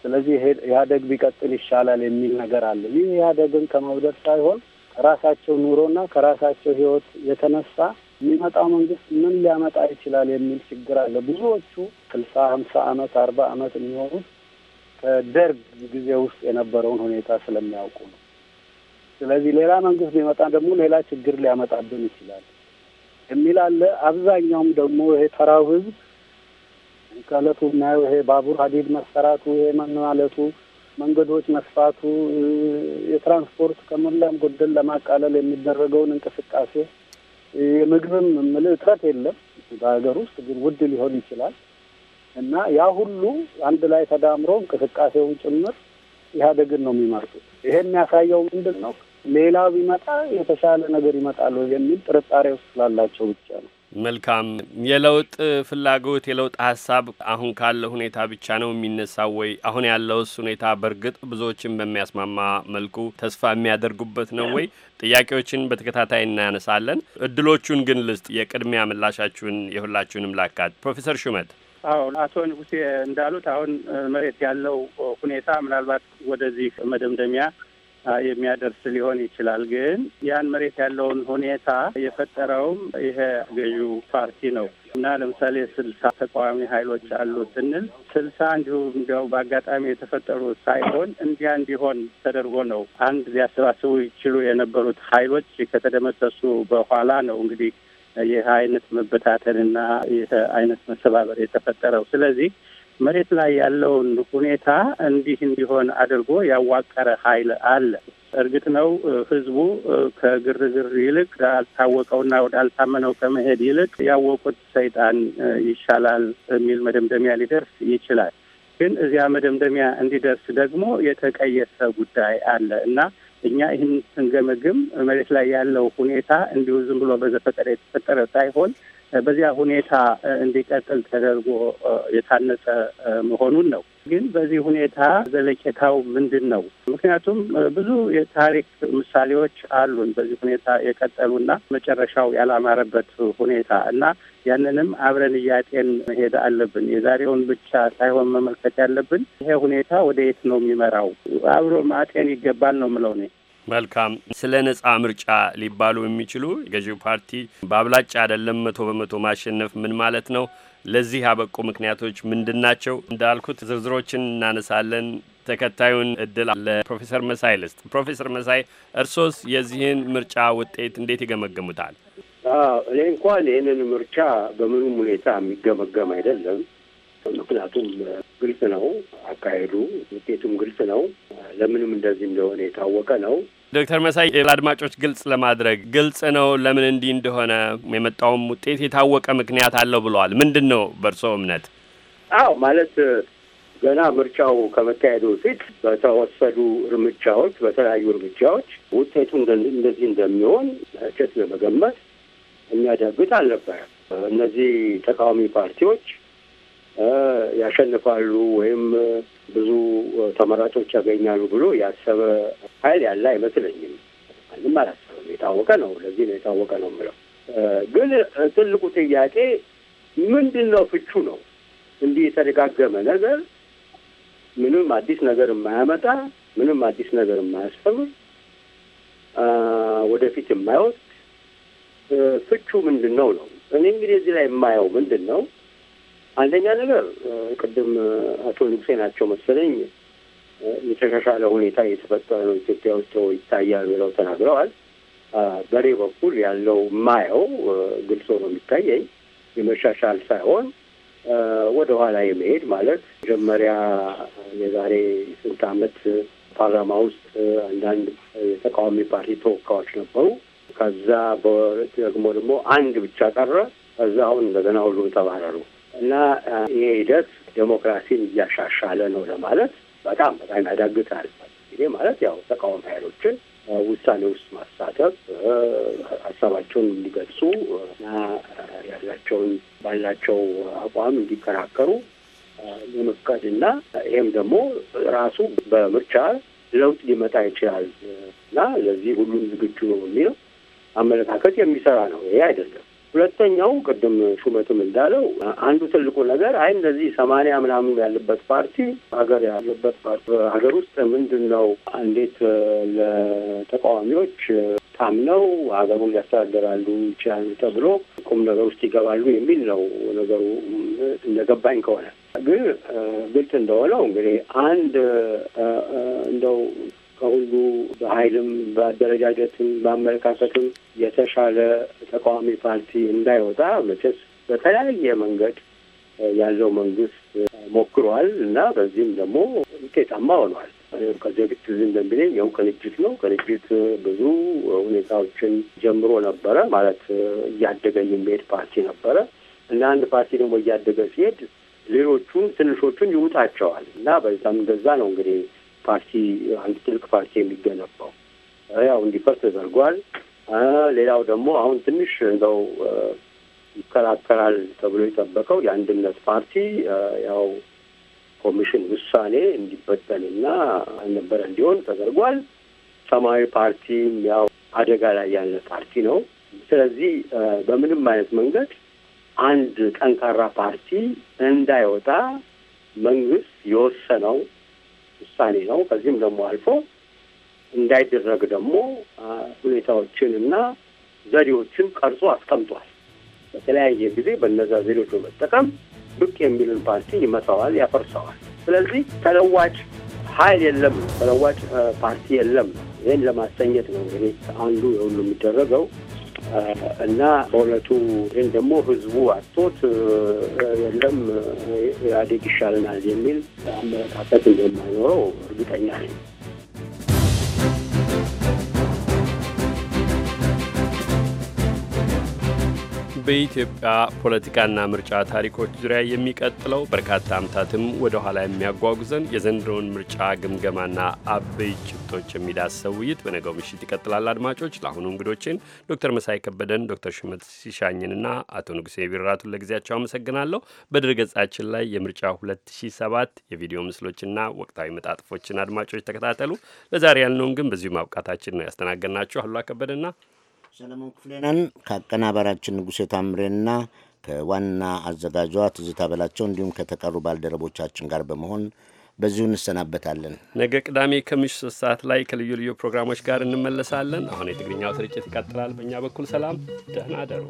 ስለዚህ ይሄ ቢቀጥል ይሻላል የሚል ነገር አለ። ይህ ኢህአዴግን ከመውደድ ሳይሆን ከራሳቸው ኑሮና ከራሳቸው ህይወት የተነሳ የሚመጣው መንግስት ምን ሊያመጣ ይችላል የሚል ችግር አለ ብዙዎቹ ስልሳ ሀምሳ አመት አርባ አመት የሚሆኑት ከደርግ ጊዜ ውስጥ የነበረውን ሁኔታ ስለሚያውቁ ነው። ስለዚህ ሌላ መንግስት ቢመጣ ደግሞ ሌላ ችግር ሊያመጣብን ይችላል የሚል አለ። አብዛኛውም ደግሞ ይሄ ተራው ህዝብ ከእለቱ እናየው ይሄ ባቡር ሀዲድ መሰራቱ፣ ይሄ መናለቱ፣ መንገዶች መስፋቱ፣ የትራንስፖርት ከሞላም ጎደል ለማቃለል የሚደረገውን እንቅስቃሴ የምግብም ምል እጥረት የለም በሀገር ውስጥ ግን ውድ ሊሆን ይችላል። እና ያ ሁሉ አንድ ላይ ተዳምሮ እንቅስቃሴውን ጭምር ኢህአዴግን ነው የሚመርጡት። ይሄ የሚያሳየው ምንድን ነው? ሌላ ቢመጣ የተሻለ ነገር ይመጣሉ የሚል ጥርጣሬ ውስጥ ስላላቸው ብቻ ነው። መልካም የለውጥ ፍላጎት የለውጥ ሀሳብ አሁን ካለ ሁኔታ ብቻ ነው የሚነሳው ወይ? አሁን ያለውስ ሁኔታ በእርግጥ ብዙዎችን በሚያስማማ መልኩ ተስፋ የሚያደርጉበት ነው ወይ? ጥያቄዎችን በተከታታይ እናያነሳለን። እድሎቹን ግን ልስጥ፣ የቅድሚያ ምላሻችሁን የሁላችሁንም ላካት ፕሮፌሰር ሹመት አዎ አቶ ንጉሴ እንዳሉት አሁን መሬት ያለው ሁኔታ ምናልባት ወደዚህ መደምደሚያ የሚያደርስ ሊሆን ይችላል። ግን ያን መሬት ያለውን ሁኔታ የፈጠረውም ይሄ ገዢው ፓርቲ ነው እና ለምሳሌ ስልሳ ተቃዋሚ ኃይሎች አሉ ስንል ስልሳ እንዲሁ እንዲያው በአጋጣሚ የተፈጠሩ ሳይሆን እንዲያ እንዲሆን ተደርጎ ነው። አንድ ሊያሰባስቡ ይችሉ የነበሩት ኃይሎች ከተደመሰሱ በኋላ ነው እንግዲህ ይህ አይነት መበታተንና አይነት መሰባበር የተፈጠረው። ስለዚህ መሬት ላይ ያለውን ሁኔታ እንዲህ እንዲሆን አድርጎ ያዋቀረ ኃይል አለ። እርግጥ ነው ህዝቡ ከግርግር ይልቅ ወዳልታወቀውና ወዳልታመነው ከመሄድ ይልቅ ያወቁት ሰይጣን ይሻላል የሚል መደምደሚያ ሊደርስ ይችላል። ግን እዚያ መደምደሚያ እንዲደርስ ደግሞ የተቀየሰ ጉዳይ አለ እና እኛ ይህን ስንገመግም መሬት ላይ ያለው ሁኔታ እንዲሁ ዝም ብሎ በዘፈቀደ የተፈጠረ ሳይሆን በዚያ ሁኔታ እንዲቀጥል ተደርጎ የታነጸ መሆኑን ነው። ግን በዚህ ሁኔታ ዘለቄታው ምንድን ነው? ምክንያቱም ብዙ የታሪክ ምሳሌዎች አሉን በዚህ ሁኔታ የቀጠሉና መጨረሻው ያላማረበት ሁኔታ እና ያንንም አብረን እያጤን መሄድ አለብን። የዛሬውን ብቻ ሳይሆን መመልከት ያለብን ይሄ ሁኔታ ወደ የት ነው የሚመራው፣ አብሮ ማጤን ይገባል ነው ምለው እኔ። መልካም ስለ ነጻ ምርጫ ሊባሉ የሚችሉ የገዢው ፓርቲ በአብላጫ አይደለም መቶ በመቶ ማሸነፍ ምን ማለት ነው? ለዚህ ያበቁ ምክንያቶች ምንድን ናቸው? እንዳልኩት ዝርዝሮችን እናነሳለን። ተከታዩን እድል ለፕሮፌሰር መሳይ ልስጥ። ፕሮፌሰር መሳይ እርሶስ የዚህን ምርጫ ውጤት እንዴት ይገመግሙታል? እኔ እንኳን ይህንን ምርጫ በምንም ሁኔታ የሚገመገም አይደለም። ምክንያቱም ግልጽ ነው አካሄዱ፣ ውጤቱም ግልጽ ነው። ለምንም እንደዚህ እንደሆነ የታወቀ ነው። ዶክተር መሳይ ለአድማጮች ግልጽ ለማድረግ ግልጽ ነው ለምን እንዲህ እንደሆነ የመጣውም ውጤት የታወቀ ምክንያት አለው ብለዋል። ምንድን ነው በእርሶ እምነት? አዎ ማለት ገና ምርጫው ከመካሄዱ በፊት በተወሰዱ እርምጃዎች፣ በተለያዩ እርምጃዎች ውጤቱ እንደዚህ እንደሚሆን መቼት ለመገመት የሚያደርጉት አልነበረም። እነዚህ ተቃዋሚ ፓርቲዎች ያሸንፋሉ ወይም ብዙ ተመራጮች ያገኛሉ ብሎ ያሰበ ኃይል ያለ አይመስለኝም። ማንም አላሰበም። የታወቀ ነው። ለዚህ ነው የታወቀ ነው የምለው። ግን ትልቁ ጥያቄ ምንድን ነው? ፍቹ ነው እንዲህ የተደጋገመ ነገር ምንም አዲስ ነገር የማያመጣ ምንም አዲስ ነገር የማያስፈምር ወደፊት የማይወጥ ፍቹ ምንድን ነው ነው? እኔ እንግዲህ እዚህ ላይ የማየው ምንድን ነው፣ አንደኛ ነገር ቅድም አቶ ንጉሴ ናቸው መሰለኝ የተሻሻለ ሁኔታ እየተፈጠረ ነው ኢትዮጵያ ውስጥ ይታያል ብለው ተናግረዋል። በሬ በኩል ያለው የማየው ግልጽ ነው የሚታየኝ የመሻሻል ሳይሆን ወደኋላ የመሄድ ማለት መጀመሪያ የዛሬ ስንት ዓመት ፓርላማ ውስጥ አንዳንድ የተቃዋሚ ፓርቲ ተወካዮች ነበሩ። ከዛ ደግሞ ደግሞ አንድ ብቻ ቀረ። ከዛ አሁን እንደገና ሁሉም ተባረሩ እና ይሄ ሂደት ዴሞክራሲን እያሻሻለ ነው ለማለት በጣም በጣም ያዳግታል። ጊዜ ማለት ያው ተቃዋሚ ኃይሎችን ውሳኔ ውስጥ ማሳተፍ ሀሳባቸውን እንዲገልጹ እና ያላቸውን ባላቸው አቋም እንዲከራከሩ የመፍቀድና ይህም ደግሞ ራሱ በምርጫ ለውጥ ሊመጣ ይችላል እና ለዚህ ሁሉም ዝግጁ ነው የሚለው አመለካከት የሚሰራ ነው። ይሄ አይደለም። ሁለተኛው ቅድም ሹመትም እንዳለው አንዱ ትልቁ ነገር አይ እንደዚህ ሰማንያ ምናምን ያለበት ፓርቲ ሀገር ያለበት ፓርቲ ሀገር ውስጥ ምንድን ነው እንዴት ለተቃዋሚዎች ታምነው ሀገሩን ያስተዳደራሉ ይችላሉ ተብሎ ቁም ነገር ውስጥ ይገባሉ የሚል ነው ነገሩ እንደገባኝ ከሆነ ግን ግልጽ እንደሆነው እንግዲህ አንድ እንደው ከሁሉ በኃይልም በአደረጃጀትም በአመለካከትም የተሻለ ተቃዋሚ ፓርቲ እንዳይወጣ መቼስ በተለያየ መንገድ ያለው መንግስት ሞክሯል እና በዚህም ደግሞ ውጤታማ ሆኗል። ከዚህ በፊት እንደሚለኝ ያው ቅንጅት ነው። ቅንጅት ብዙ ሁኔታዎችን ጀምሮ ነበረ ማለት እያደገ የሚሄድ ፓርቲ ነበረ እና አንድ ፓርቲ ደግሞ እያደገ ሲሄድ ሌሎቹን ትንሾቹን ይውጣቸዋል እና በዛም እንደዛ ነው እንግዲህ ፓርቲ አንድ ትልቅ ፓርቲ የሚገነባው ያው እንዲፈርስ ተደርጓል። ሌላው ደግሞ አሁን ትንሽ እንደው ይከራከራል ተብሎ የጠበቀው የአንድነት ፓርቲ ያው ኮሚሽን ውሳኔ እንዲበጠልና አልነበረ እንዲሆን ተደርጓል። ሰማያዊ ፓርቲም ያው አደጋ ላይ ያለ ፓርቲ ነው። ስለዚህ በምንም አይነት መንገድ አንድ ጠንካራ ፓርቲ እንዳይወጣ መንግስት የወሰነው ውሳኔ ነው። ከዚህም ደግሞ አልፎ እንዳይደረግ ደግሞ ሁኔታዎችን እና ዘዴዎችን ቀርጾ አስቀምጧል። በተለያየ ጊዜ በነዛ ዘዴዎች በመጠቀም ብቅ የሚልን ፓርቲ ይመታዋል፣ ያፈርሰዋል። ስለዚህ ተለዋጭ ኃይል የለም ነው፣ ተለዋጭ ፓርቲ የለም ነው። ይህን ለማሰኘት ነው እንግዲህ አንዱ የሁሉ የሚደረገው እና በእውነቱ ግን ደግሞ ህዝቡ አቶት የለም ኢህአዴግ ይሻልናል የሚል አመለካከት እንደማይኖረው እርግጠኛ ነኝ። በኢትዮጵያ ፖለቲካና ምርጫ ታሪኮች ዙሪያ የሚቀጥለው በርካታ ዓመታትም ወደ ኋላ የሚያጓጉዘን የዘንድሮውን ምርጫ ግምገማና አበይ ጭብጦች የሚዳሰው ውይይት በነገው ምሽት ይቀጥላል። አድማጮች፣ ለአሁኑ እንግዶችን ዶክተር መሳይ ከበደን፣ ዶክተር ሽመት ሲሻኝንና አቶ ንጉሴ ቢራቱን ለጊዜያቸው አመሰግናለሁ። በድረገጻችን ላይ የምርጫ 2007 የቪዲዮ ምስሎችና ወቅታዊ መጣጥፎችን አድማጮች ተከታተሉ። ለዛሬ ያልነውን ግን በዚሁ ማብቃታችን ነው። ያስተናገድናችሁ አሉላ ከበደና ሰለሞን ክፍሌነን ከአቀናባራችን ንጉሴ ታምሬና ከዋና አዘጋጇ ትዝታ በላቸው እንዲሁም ከተቀሩ ባልደረቦቻችን ጋር በመሆን በዚሁ እንሰናበታለን። ነገ ቅዳሜ ከምሽቱ ሶስት ሰዓት ላይ ከልዩ ልዩ ፕሮግራሞች ጋር እንመለሳለን። አሁን የትግርኛው ስርጭት ይቀጥላል። በእኛ በኩል ሰላም፣ ደህና አደሩ።